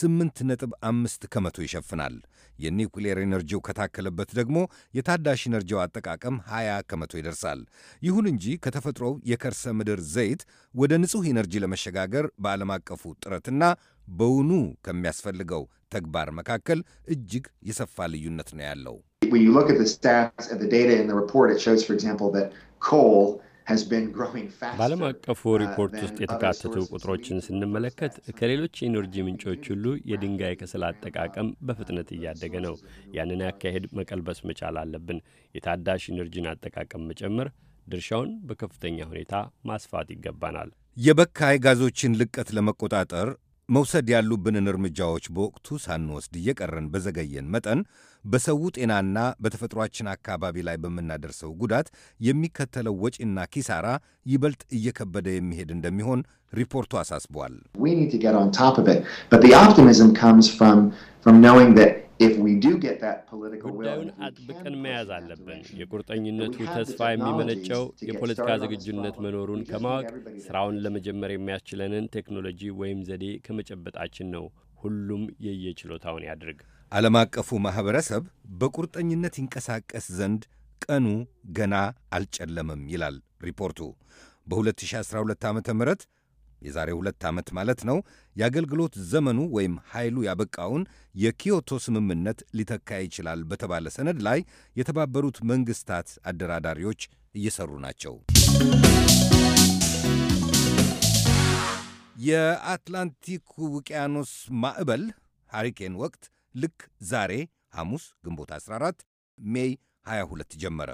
8.5 ከመቶ ይሸፍናል። የኒውክሌር ኢነርጂው ከታከለበት ደግሞ የታዳሽ ኢነርጂው አጠቃቀም 20 ከመቶ ይደርሳል። ይሁን እንጂ ከተፈጥሮው የከርሰ ምድር ዘይት ወደ ንጹሕ ኢነርጂ ለመሸጋገር በዓለም አቀፉ ጥረትና በውኑ ከሚያስፈልገው ተግባር መካከል እጅግ የሰፋ ልዩነት ነው ያለው። when you look at the stats and the data in the report, it shows, for example, that coal በዓለም አቀፉ uh, ሪፖርት ውስጥ የተካተቱ ቁጥሮችን ስንመለከት ከሌሎች የኢነርጂ ምንጮች ሁሉ የድንጋይ ከሰል አጠቃቀም በፍጥነት እያደገ ነው። ያንን አካሄድ መቀልበስ መቻል አለብን። የታዳሽ ኢነርጂን አጠቃቀም መጨመር፣ ድርሻውን በከፍተኛ ሁኔታ ማስፋት ይገባናል። የበካይ ጋዞችን ልቀት ለመቆጣጠር መውሰድ ያሉብንን እርምጃዎች በወቅቱ ሳንወስድ እየቀረን በዘገየን መጠን በሰው ጤናና በተፈጥሯችን አካባቢ ላይ በምናደርሰው ጉዳት የሚከተለው ወጪና ኪሳራ ይበልጥ እየከበደ የሚሄድ እንደሚሆን ሪፖርቱ አሳስቧል። ጉዳዩን አጥብቀን መያዝ አለብን። የቁርጠኝነቱ ተስፋ የሚመነጨው የፖለቲካ ዝግጁነት መኖሩን ከማወቅ ስራውን ለመጀመር የሚያስችለንን ቴክኖሎጂ ወይም ዘዴ ከመጨበጣችን ነው። ሁሉም የየችሎታውን ያድርግ። ዓለም አቀፉ ማኅበረሰብ በቁርጠኝነት ይንቀሳቀስ ዘንድ ቀኑ ገና አልጨለምም ይላል ሪፖርቱ። በ2012 ዓ ም የዛሬ ሁለት ዓመት ማለት ነው። የአገልግሎት ዘመኑ ወይም ኃይሉ ያበቃውን የኪዮቶ ስምምነት ሊተካ ይችላል በተባለ ሰነድ ላይ የተባበሩት መንግሥታት አደራዳሪዎች እየሰሩ ናቸው። የአትላንቲክ ውቅያኖስ ማዕበል ሃሪኬን ወቅት ልክ ዛሬ ሐሙስ ግንቦት 14 ሜይ 22 ጀመረ።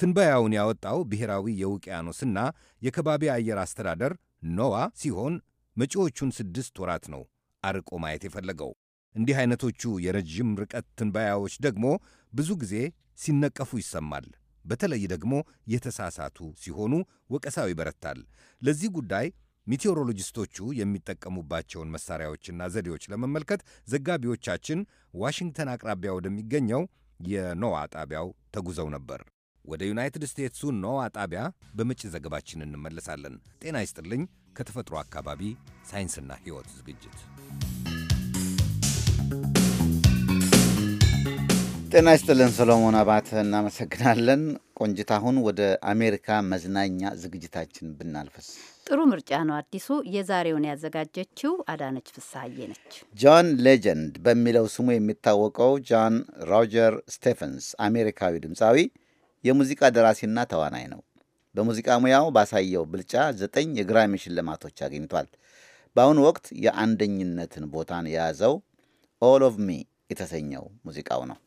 ትንበያውን ያወጣው ብሔራዊ የውቅያኖስና የከባቢ አየር አስተዳደር ኖዋ ሲሆን መጪዎቹን ስድስት ወራት ነው አርቆ ማየት የፈለገው። እንዲህ አይነቶቹ የረዥም ርቀት ትንበያዎች ደግሞ ብዙ ጊዜ ሲነቀፉ ይሰማል። በተለይ ደግሞ የተሳሳቱ ሲሆኑ ወቀሳው ይበረታል። ለዚህ ጉዳይ ሚቴዎሮሎጂስቶቹ የሚጠቀሙባቸውን መሳሪያዎችና ዘዴዎች ለመመልከት ዘጋቢዎቻችን ዋሽንግተን አቅራቢያ ወደሚገኘው የኖዋ ጣቢያው ተጉዘው ነበር። ወደ ዩናይትድ ስቴትሱ ኖዋ ጣቢያ በመጪ ዘገባችን እንመለሳለን። ጤና ይስጥልኝ። ከተፈጥሮ አካባቢ ሳይንስና ሕይወት ዝግጅት ጤና ይስጥልን ሰሎሞን አባተ እናመሰግናለን። ቆንጅት፣ አሁን ወደ አሜሪካ መዝናኛ ዝግጅታችን ብናልፈስ። ጥሩ ምርጫ ነው አዲሱ። የዛሬውን ያዘጋጀችው አዳነች ፍሳሐዬ ነች። ጆን ሌጀንድ በሚለው ስሙ የሚታወቀው ጆን ሮጀር ስቴፈንስ አሜሪካዊ ድምፃዊ፣ የሙዚቃ ደራሲና ተዋናይ ነው። በሙዚቃ ሙያው ባሳየው ብልጫ ዘጠኝ የግራሚ ሽልማቶች አግኝቷል። በአሁኑ ወቅት የአንደኝነትን ቦታን የያዘው ኦል ኦፍ ሚ የተሰኘው ሙዚቃው ነው።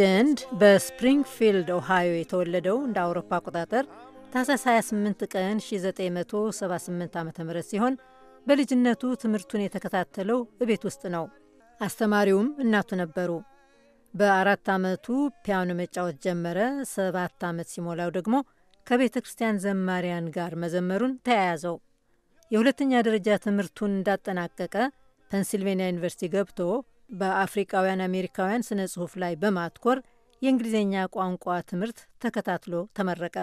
ሌጀንድ በስፕሪንግፊልድ ኦሃዮ የተወለደው እንደ አውሮፓ አቆጣጠር ታህሳስ 28 ቀን 1978 ዓ ም ሲሆን በልጅነቱ ትምህርቱን የተከታተለው እቤት ውስጥ ነው። አስተማሪውም እናቱ ነበሩ። በአራት ዓመቱ ፒያኖ መጫወት ጀመረ። ሰባት ዓመት ሲሞላው ደግሞ ከቤተ ክርስቲያን ዘማሪያን ጋር መዘመሩን ተያያዘው። የሁለተኛ ደረጃ ትምህርቱን እንዳጠናቀቀ ፔንሲልቬንያ ዩኒቨርሲቲ ገብቶ በአፍሪካውያን አሜሪካውያን ስነ ጽሑፍ ላይ በማትኮር የእንግሊዝኛ ቋንቋ ትምህርት ተከታትሎ ተመረቀ።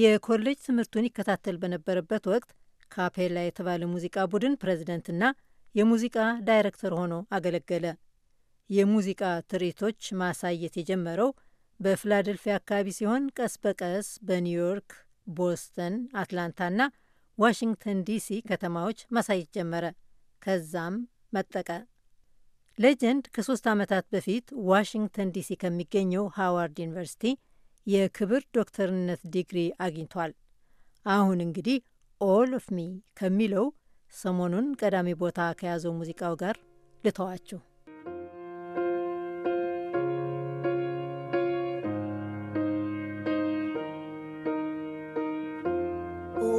የኮሌጅ ትምህርቱን ይከታተል በነበረበት ወቅት ካፔላ የተባለ ሙዚቃ ቡድን ፕሬዚደንትና የሙዚቃ ዳይሬክተር ሆኖ አገለገለ። የሙዚቃ ትርኢቶች ማሳየት የጀመረው በፊላደልፊያ አካባቢ ሲሆን ቀስ በቀስ በኒውዮርክ፣ ቦስተን፣ አትላንታና ዋሽንግተን ዲሲ ከተማዎች ማሳየት ጀመረ። ከዛም መጠቀ ሌጀንድ ከሶስት ዓመታት በፊት ዋሽንግተን ዲሲ ከሚገኘው ሃዋርድ ዩኒቨርሲቲ የክብር ዶክተርነት ዲግሪ አግኝቷል። አሁን እንግዲህ ኦል ኦፍ ሚ ከሚለው ሰሞኑን ቀዳሚ ቦታ ከያዘው ሙዚቃው ጋር ልተዋችሁ።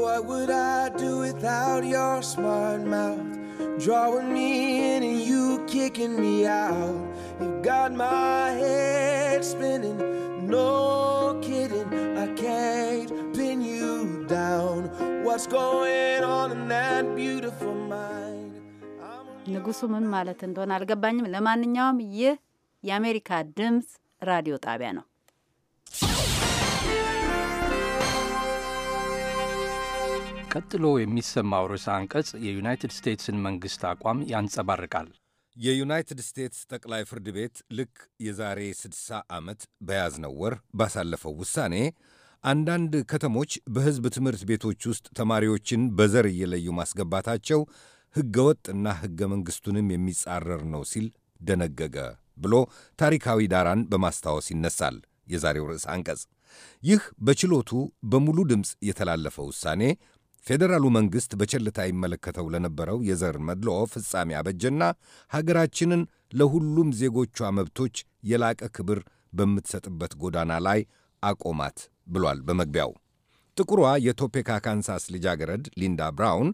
What would I do without your smart mouth drawing me in and you kicking me out. You got my head spinning, no kidding. I can't pin you down. What's going on in that beautiful mind? ንጉሱ ምን ማለት እንደሆነ አልገባኝም። ለማንኛውም ይህ የአሜሪካ ድምፅ ራዲዮ ጣቢያ ነው። ቀጥሎ የሚሰማው ርዕሰ አንቀጽ የዩናይትድ ስቴትስን መንግስት አቋም ያንጸባርቃል። የዩናይትድ ስቴትስ ጠቅላይ ፍርድ ቤት ልክ የዛሬ 60 ዓመት በያዝነው ወር ባሳለፈው ውሳኔ አንዳንድ ከተሞች በሕዝብ ትምህርት ቤቶች ውስጥ ተማሪዎችን በዘር እየለዩ ማስገባታቸው ሕገወጥና ሕገ መንግሥቱንም የሚጻረር ነው ሲል ደነገገ ብሎ ታሪካዊ ዳራን በማስታወስ ይነሳል የዛሬው ርዕስ አንቀጽ። ይህ በችሎቱ በሙሉ ድምፅ የተላለፈ ውሳኔ ፌዴራሉ መንግሥት በቸልታ ይመለከተው ለነበረው የዘር መድልኦ ፍጻሜ አበጀና ሀገራችንን ለሁሉም ዜጎቿ መብቶች የላቀ ክብር በምትሰጥበት ጎዳና ላይ አቆማት ብሏል በመግቢያው። ጥቁሯ የቶፔካ ካንሳስ ልጃገረድ ሊንዳ ብራውን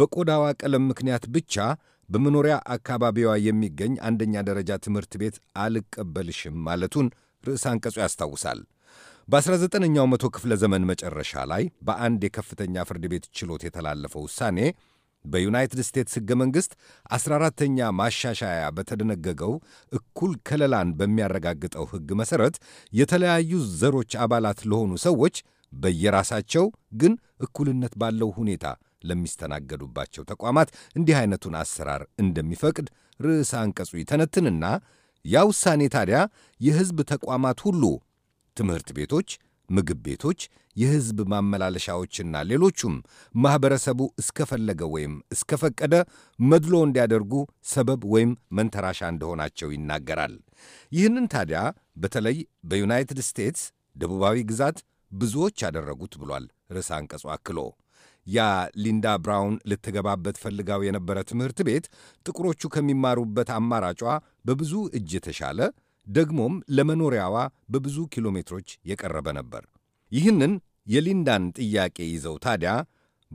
በቆዳዋ ቀለም ምክንያት ብቻ በመኖሪያ አካባቢዋ የሚገኝ አንደኛ ደረጃ ትምህርት ቤት አልቀበልሽም ማለቱን ርዕስ አንቀጹ ያስታውሳል። በ19ኛው መቶ ክፍለ ዘመን መጨረሻ ላይ በአንድ የከፍተኛ ፍርድ ቤት ችሎት የተላለፈው ውሳኔ በዩናይትድ ስቴትስ ሕገ መንግሥት 14ተኛ ማሻሻያ በተደነገገው እኩል ከለላን በሚያረጋግጠው ሕግ መሠረት የተለያዩ ዘሮች አባላት ለሆኑ ሰዎች በየራሳቸው ግን እኩልነት ባለው ሁኔታ ለሚስተናገዱባቸው ተቋማት እንዲህ አይነቱን አሰራር እንደሚፈቅድ ርዕሰ አንቀጹ ይተነትንና ያ ውሳኔ ታዲያ የሕዝብ ተቋማት ሁሉ ትምህርት ቤቶች፣ ምግብ ቤቶች፣ የሕዝብ ማመላለሻዎችና ሌሎቹም ማኅበረሰቡ እስከፈለገ ወይም እስከፈቀደ መድሎ እንዲያደርጉ ሰበብ ወይም መንተራሻ እንደሆናቸው ይናገራል። ይህንን ታዲያ በተለይ በዩናይትድ ስቴትስ ደቡባዊ ግዛት ብዙዎች ያደረጉት ብሏል ርዕሰ አንቀጹ አክሎ። ያ ሊንዳ ብራውን ልትገባበት ፈልጋው የነበረ ትምህርት ቤት ጥቁሮቹ ከሚማሩበት አማራጯ በብዙ እጅ የተሻለ ደግሞም ለመኖሪያዋ በብዙ ኪሎ ሜትሮች የቀረበ ነበር። ይህንን የሊንዳን ጥያቄ ይዘው ታዲያ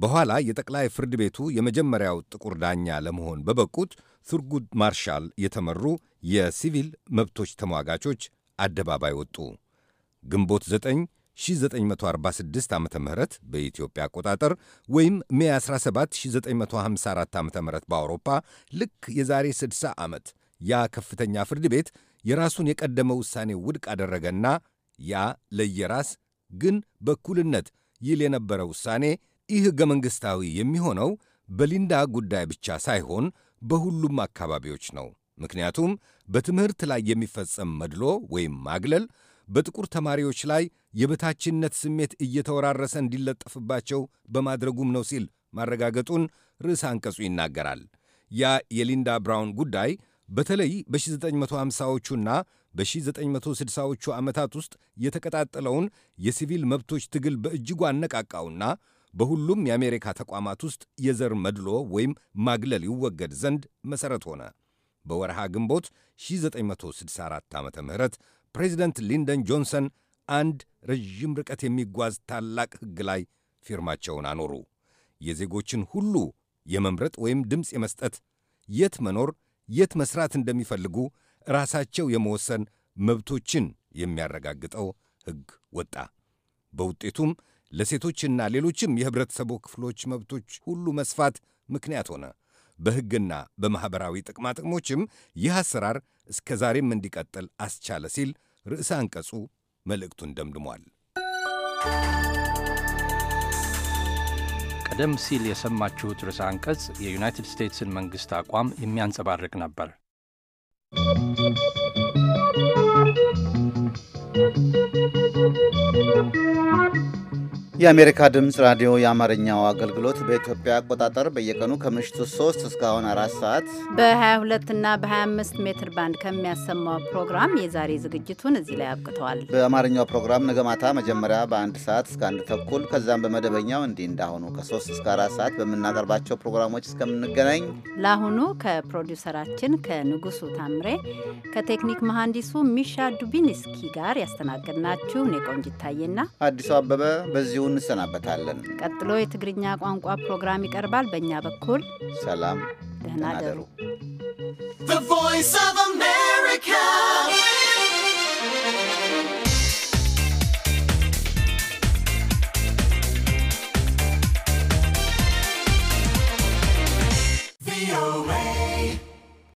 በኋላ የጠቅላይ ፍርድ ቤቱ የመጀመሪያው ጥቁር ዳኛ ለመሆን በበቁት ቱርጉድ ማርሻል የተመሩ የሲቪል መብቶች ተሟጋቾች አደባባይ ወጡ። ግንቦት 9 1946 ዓ ም በኢትዮጵያ አቆጣጠር ወይም ሜ 17 1954 ዓ ም በአውሮፓ ልክ የዛሬ 60 ዓመት ያ ከፍተኛ ፍርድ ቤት የራሱን የቀደመ ውሳኔ ውድቅ አደረገና ያ ለየራስ ግን በእኩልነት ይል የነበረ ውሳኔ ይህ ሕገ መንግሥታዊ የሚሆነው በሊንዳ ጉዳይ ብቻ ሳይሆን በሁሉም አካባቢዎች ነው። ምክንያቱም በትምህርት ላይ የሚፈጸም መድሎ ወይም ማግለል በጥቁር ተማሪዎች ላይ የበታችነት ስሜት እየተወራረሰ እንዲለጠፍባቸው በማድረጉም ነው ሲል ማረጋገጡን ርዕስ አንቀጹ ይናገራል። ያ የሊንዳ ብራውን ጉዳይ በተለይ በ1950ዎቹና በ1960ዎቹ ዓመታት ውስጥ የተቀጣጠለውን የሲቪል መብቶች ትግል በእጅጉ አነቃቃውና በሁሉም የአሜሪካ ተቋማት ውስጥ የዘር መድሎ ወይም ማግለል ይወገድ ዘንድ መሠረት ሆነ። በወርሃ ግንቦት 1964 ዓ ም ፕሬዚደንት ሊንደን ጆንሰን አንድ ረዥም ርቀት የሚጓዝ ታላቅ ሕግ ላይ ፊርማቸውን አኖሩ። የዜጎችን ሁሉ የመምረጥ ወይም ድምፅ የመስጠት፣ የት መኖር፣ የት መስራት እንደሚፈልጉ ራሳቸው የመወሰን መብቶችን የሚያረጋግጠው ሕግ ወጣ። በውጤቱም ለሴቶችና ሌሎችም የህብረተሰቡ ክፍሎች መብቶች ሁሉ መስፋት ምክንያት ሆነ። በሕግና በማኅበራዊ ጥቅማጥቅሞችም ይህ አሰራር እስከ ዛሬም እንዲቀጥል አስቻለ ሲል ርዕሰ አንቀጹ መልእክቱን ደምድሟል። ቀደም ሲል የሰማችሁት ርዕሰ አንቀጽ የዩናይትድ ስቴትስን መንግሥት አቋም የሚያንጸባርቅ ነበር። Thank you. የአሜሪካ ድምፅ ራዲዮ የአማርኛው አገልግሎት በኢትዮጵያ አቆጣጠር በየቀኑ ከምሽቱ 3 እስካሁን አራት ሰዓት በ22 እና በ25 ሜትር ባንድ ከሚያሰማው ፕሮግራም የዛሬ ዝግጅቱን እዚህ ላይ አብቅተዋል። በአማርኛው ፕሮግራም ነገ ማታ መጀመሪያ በአንድ ሰዓት እስከ አንድ ተኩል ከዛም በመደበኛው እንዲህ እንዳሁኑ ከ3 እስከ አራት ሰዓት በምናቀርባቸው ፕሮግራሞች እስከምንገናኝ ለአሁኑ ከፕሮዲውሰራችን ከንጉሱ ታምሬ ከቴክኒክ መሐንዲሱ ሚሻ ዱቢንስኪ ጋር ያስተናገድናችሁ እኔ ቆንጅታዬና አዲሱ አበበ በዚሁ በዚሁ እንሰናበታለን። ቀጥሎ የትግርኛ ቋንቋ ፕሮግራም ይቀርባል። በእኛ በኩል ሰላም፣ ደህና ደሩ። The